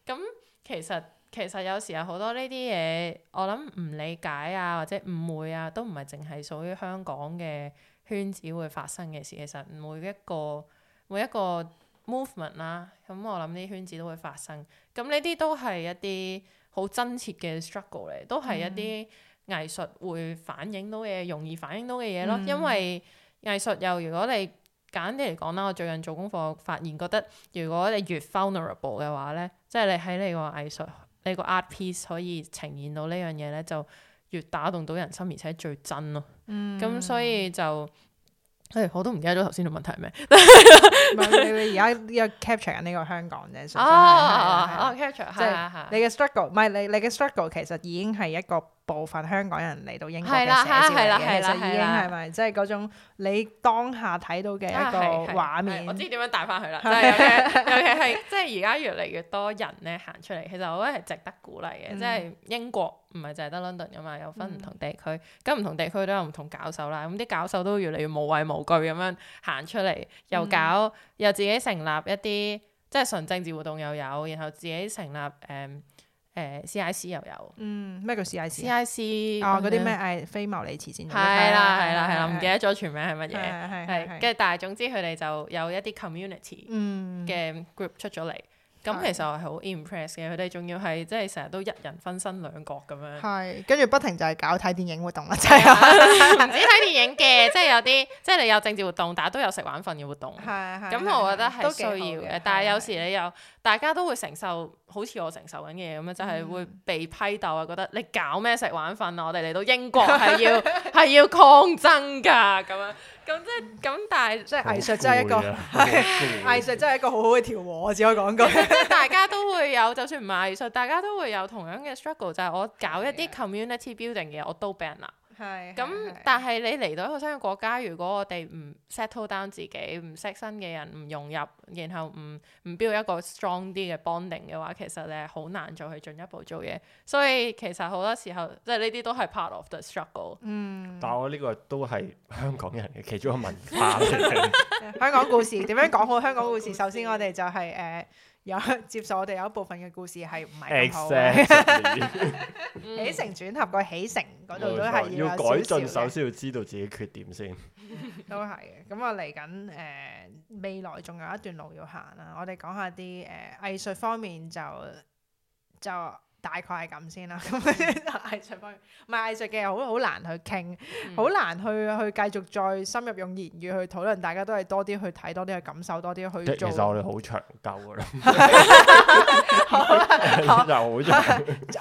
咁其實其實有時候好多呢啲嘢，我諗唔理解啊，或者誤會啊，都唔係淨係屬於香港嘅圈子會發生嘅事。其實每一個每一個 movement 啦，咁我諗呢啲圈子都會發生。咁呢啲都係一啲好真切嘅 struggle 嚟，都係一啲。藝術會反映到嘅，容易反映到嘅嘢咯。嗯、因為藝術又，如果你簡單嚟講啦，我最近做功課發現，覺得如果你越 vulnerable 嘅話咧，即係你喺你個藝術、你個 art piece 可以呈現到呢樣嘢咧，就越打動到人心，而且最真咯。咁、嗯嗯、所以就、欸、我都唔記得咗頭先嘅問題係咩。 你而家又 capture 緊呢個香港嘅，哦哦哦，capture 即係你嘅 struggle，唔係你你嘅 struggle 其實已經係一個。部分香港人嚟到英國嘅寫照嚟嘅，其實已經係咪？即係嗰種你當下睇到嘅一個畫面。啊、我知點樣帶翻去啦，尤其係即係而家越嚟越多人咧行出嚟，其實我覺得係值得鼓勵嘅。嗯、即係英國唔係淨係得倫敦噶嘛，有分唔同地區，咁唔、嗯、同地區都有唔同搞手啦。咁啲搞手都越嚟越無畏無懼咁樣行出嚟，又搞、嗯、又自己成立一啲即係純政治活動又有，然後自己成立誒。嗯誒 CIC 又有，嗯咩叫 CIC？CIC 哦，嗰啲咩誒非牟利慈善，係啦，係啦，係啦，唔記得咗全名係乜嘢，係跟住，但係總之佢哋就有一啲 community 嘅 group 出咗嚟，咁其實係好 impress 嘅。佢哋仲要係即係成日都一人分身兩角咁樣，係跟住不停就係搞睇電影活動啦，就係只睇電影嘅，即係有啲即係你有政治活動，但係都有食玩瞓嘅活動，係咁我覺得係需要嘅，但係有時你又大家都會承受。好似我承受緊嘅嘢咁樣，就係會被批鬥啊！覺得你搞咩食玩瞓啊？我哋嚟到英國係要係 要抗爭㗎咁樣。咁即係咁，但係即係藝術，真係一個 藝術，真係一個， 一個好好嘅調和。我只可以講句，即係 大家都會有，就算唔係藝術，大家都會有同樣嘅 struggle。就係我搞一啲 community building 嘅嘢，我都俾人鬧。係咁， 嗯、但係你嚟到一個新嘅國家，如果我哋唔 settle down 自己，唔識新嘅人，唔融入，然後唔唔 build 一個 strong 啲嘅 bonding 嘅話，其實咧好難再去進一步做嘢。所以其實好多時候，即係呢啲都係 part of the struggle。嗯，但係我呢個都係香港人嘅其中一個文化。香港故事點樣講好？香港故事首先我哋就係、是、誒。呃有接受我哋有一部分嘅故事係唔係咁好嘅，Exactly. 起承轉合個起承嗰度都係要，要改進，首先要知道自己缺點先， 都係嘅。咁我嚟緊誒未來仲有一段路要行啦。 我哋講下啲誒、呃、藝術方面就就。大概係咁先啦，咁藝術方面，唔係藝術嘅，好好難去傾，好難去去繼續再深入用言語去討論。大家都係多啲去睇，多啲去感受，多啲去做。其實我哋好長久噶啦，好長，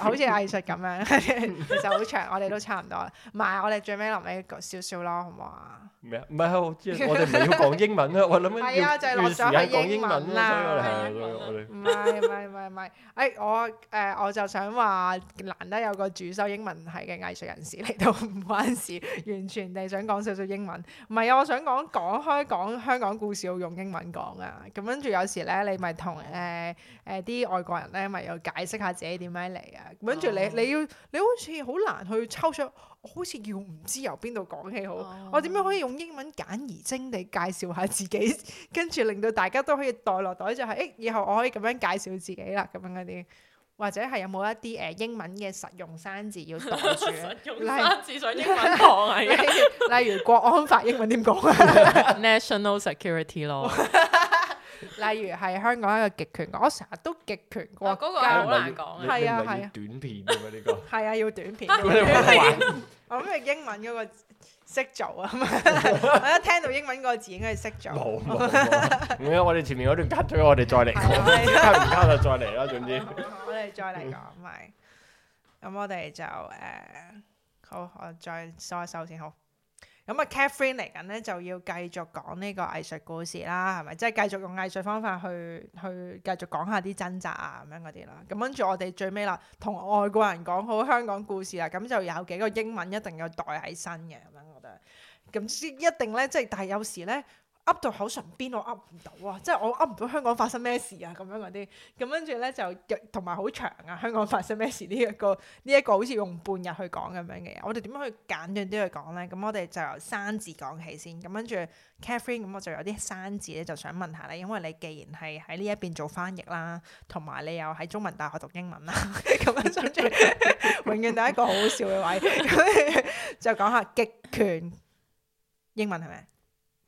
好似藝術咁樣，其實好長。我哋都差唔多啦。唔係，我哋最尾臨尾少少咯，好唔好啊？咩啊？唔係，我我哋唔係要講英文啦。我諗緊，係啊，就係落咗係講英文啦。係啊，我哋唔係唔係唔係。誒，我誒我就。想話難得有個主修英文系嘅藝術人士嚟到唔關事，完全地想講少少英文。唔係啊，我想講，講開講香港故事要用英文講啊。咁跟住有時咧，你咪同誒誒啲外國人咧，咪要解釋下自己點解嚟啊。咁跟住你、哦、你要你好似好難去抽出，好似要唔知由邊度講起好，哦、我點樣可以用英文簡而精地介紹下自己，跟住令到大家都可以袋落袋就係，誒、哎、以後我可以咁樣介紹自己啦，咁樣嗰啲。或者係有冇一啲誒英文嘅實用生字要讀住？ 用生字上英文堂，例如， 例如國安法英文點講啊？National security 咯。 例如係香港一個極權，我成日都極權國。哇，嗰個係好難講，係啊係啊，那個、短片㗎嘛呢個。係啊，啊啊 要短片。我諗係英文嗰個。識做啊！我 一聽到英文個字應該係識做。冇唔該，我哋前面嗰段隔咗，我哋再嚟講。而家就再嚟啦，總之好好好。我哋再嚟講咪。咁、嗯、我哋就誒、呃，好，我再收一收先。好。咁啊，Catherine 嚟緊咧就要繼續講呢個藝術故事啦，係咪？即、就、係、係、繼續用藝術方法去去繼續講下啲掙扎啊咁樣嗰啲啦。咁跟住我哋最尾啦，同外國人講好香港故事啦。咁就有幾個英文一定要袋喺身嘅咁樣。咁即、嗯、一定咧，即係但係有時咧噏到口唇邊，我噏唔到啊！即、就、係、是、我噏唔到香港發生咩事啊？咁樣嗰啲，咁跟住咧就同埋好長啊！香港發生咩事？呢、這、一個呢一、這個好似用半日去講咁樣嘅嘢。我哋點樣去簡短啲去講咧？咁我哋就由生字講起先。咁跟住，Catherine，咁我就有啲生字咧，就想問下咧，因為你既然係喺呢一邊做翻譯啦，同埋你又喺中文大學讀英文啦，咁跟住， 永遠係一個好好笑嘅位，咁 就講下極權。英文係咪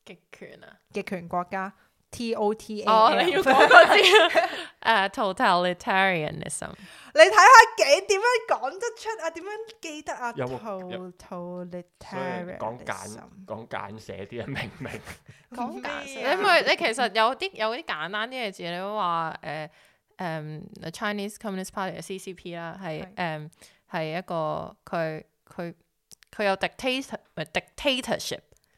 極權啊？極權國家 T O T A 哦，你要講個字啊？誒，totalitarianism。你睇下幾點樣講得出啊？點樣記得啊？有 totalitarian。講簡講簡寫啲啊，明唔明？講簡寫因為你其實有啲有啲簡單啲嘅字，你話誒誒 Chinese Communist Party，CCP 啦，係誒係一個佢佢佢有 dictator 唔係 dictatorship。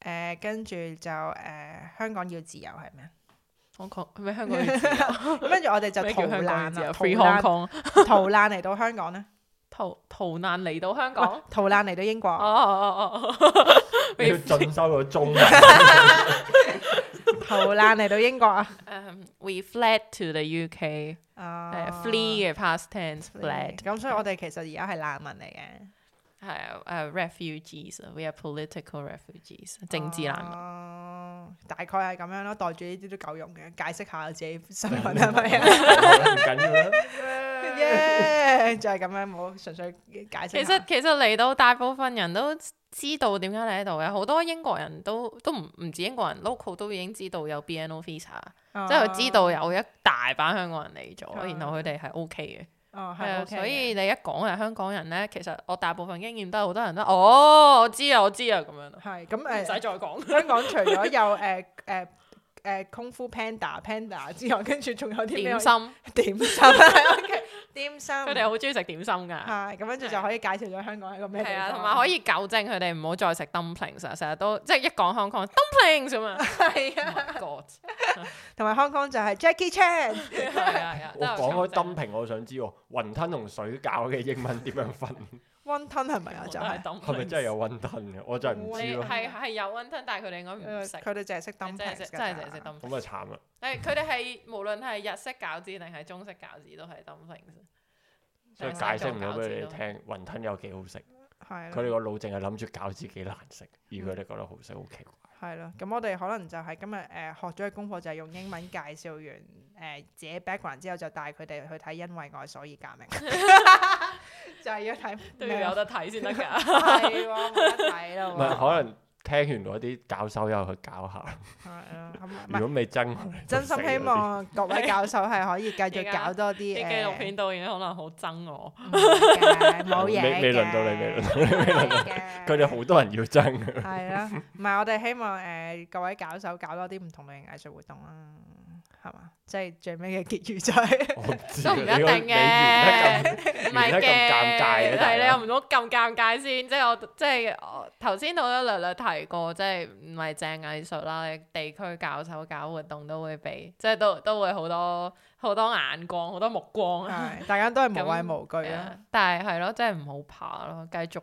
誒、呃，跟住就誒、呃，香港要自由係咩啊？我講佢咩香港要自由， 跟住我哋就逃難咯 Free Hong Kong，逃難嚟 到香港咧，逃逃難嚟到香港，啊、逃難嚟到英國。哦哦哦，哦哦哦 你要進修個中啊？ 逃難嚟到英國啊？We fled to the UK，誒、哦 uh,，Flee 嘅 past tense fled。咁所以，我哋其實而家係難民嚟嘅。係啊，誒、yeah, uh, refugees，we are political refugees，、哦、政治難民，哦、大概係咁樣咯，袋住呢啲都夠用嘅，解釋下自己身份係咪啊？唔緊要啦，yeah，就係咁樣，冇純粹解釋其。其實其實嚟到大部分人都知道點解你喺度嘅。好多英國人都都唔唔止英國人，local 都已經知道有 BNO visa，、哦、即係佢知道有一大班香港人嚟咗，嗯、然後佢哋係 OK 嘅。哦，係，的所以你一講啊，香港人咧，其實我大部分經驗都係好多人都，哦，我知啊，我知啊，咁樣咯，係，咁誒唔使再講，呃，香港除咗有誒誒誒功夫 panda panda 之外，跟住仲有啲咩？點心，點心。 點心 點心，佢哋好中意食點心㗎。係咁跟住就可以介紹咗香港係一個咩地方？係啊，同埋可以糾正佢哋唔好再食 dumplings 成日都即係一講香港 dumplings 啫嘛。係啊，同埋香港就係 Jackie Chan。 係係係。我講開 dumpling，我想知雲吞同水餃嘅英文點樣分？ 雲吞係咪啊？就係係咪真係有雲吞嘅？我真係唔知咯。係係有雲吞，但係佢哋應該唔食。佢哋淨係識 dumpling，真係淨係識 dumpling。咁咪慘啦！但佢哋係無論係日式餃子定係中式餃子都係 dumpling。所以解釋唔到俾你聽，雲吞有幾好食。係。佢哋個腦淨係諗住餃子幾難食，而佢哋覺得好食，好奇怪。係咯，咁我哋可能就係今日誒學咗嘅功課就係用英文介紹完誒自己 background 之後，就帶佢哋去睇《因為愛所以革命》。就係要睇，都要有得睇先得噶。係冇得睇咯。唔係可能聽完嗰啲教授又去搞下。係啊，如果未爭，真心希望各位教授係可以繼續搞多啲。啲紀錄片導演可能好憎我，冇嘢，未未輪到你，未輪到你，未輪到你。佢哋好多人要爭。係咯，唔係我哋希望誒各位教授搞多啲唔同嘅型藝術活動啦。係嘛，即係最尾嘅結局就係都唔 一定嘅，唔係咁尷尬。係你又唔好咁尷尬先。 即係我即係我頭先好多略略提過，即係唔係正藝術啦，地區搞手搞活動都會俾，即係都都會好多好多眼光，好多目光啊！大家都係無畏無懼啊！ 呃、但係係咯，即係唔好怕咯，繼續。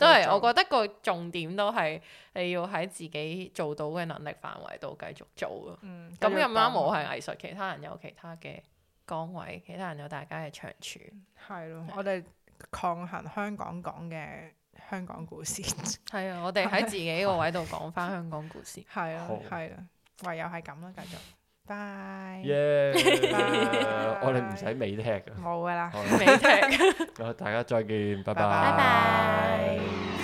都係，嗯、我覺得個重點都係你要喺自己做到嘅能力範圍度繼續做咯。咁咁啱冇係藝術，嗯、其他人有其他嘅崗位，嗯、其他人有大家嘅長處。係咯，我哋抗衡香港講嘅香港故事。係啊，我哋喺自己個位度講翻香港故事。係啊，係啊，唯有係咁啦，繼續。bye，我哋唔使尾踢，好噶啦，尾踢。啊，大家再見，拜拜。拜拜。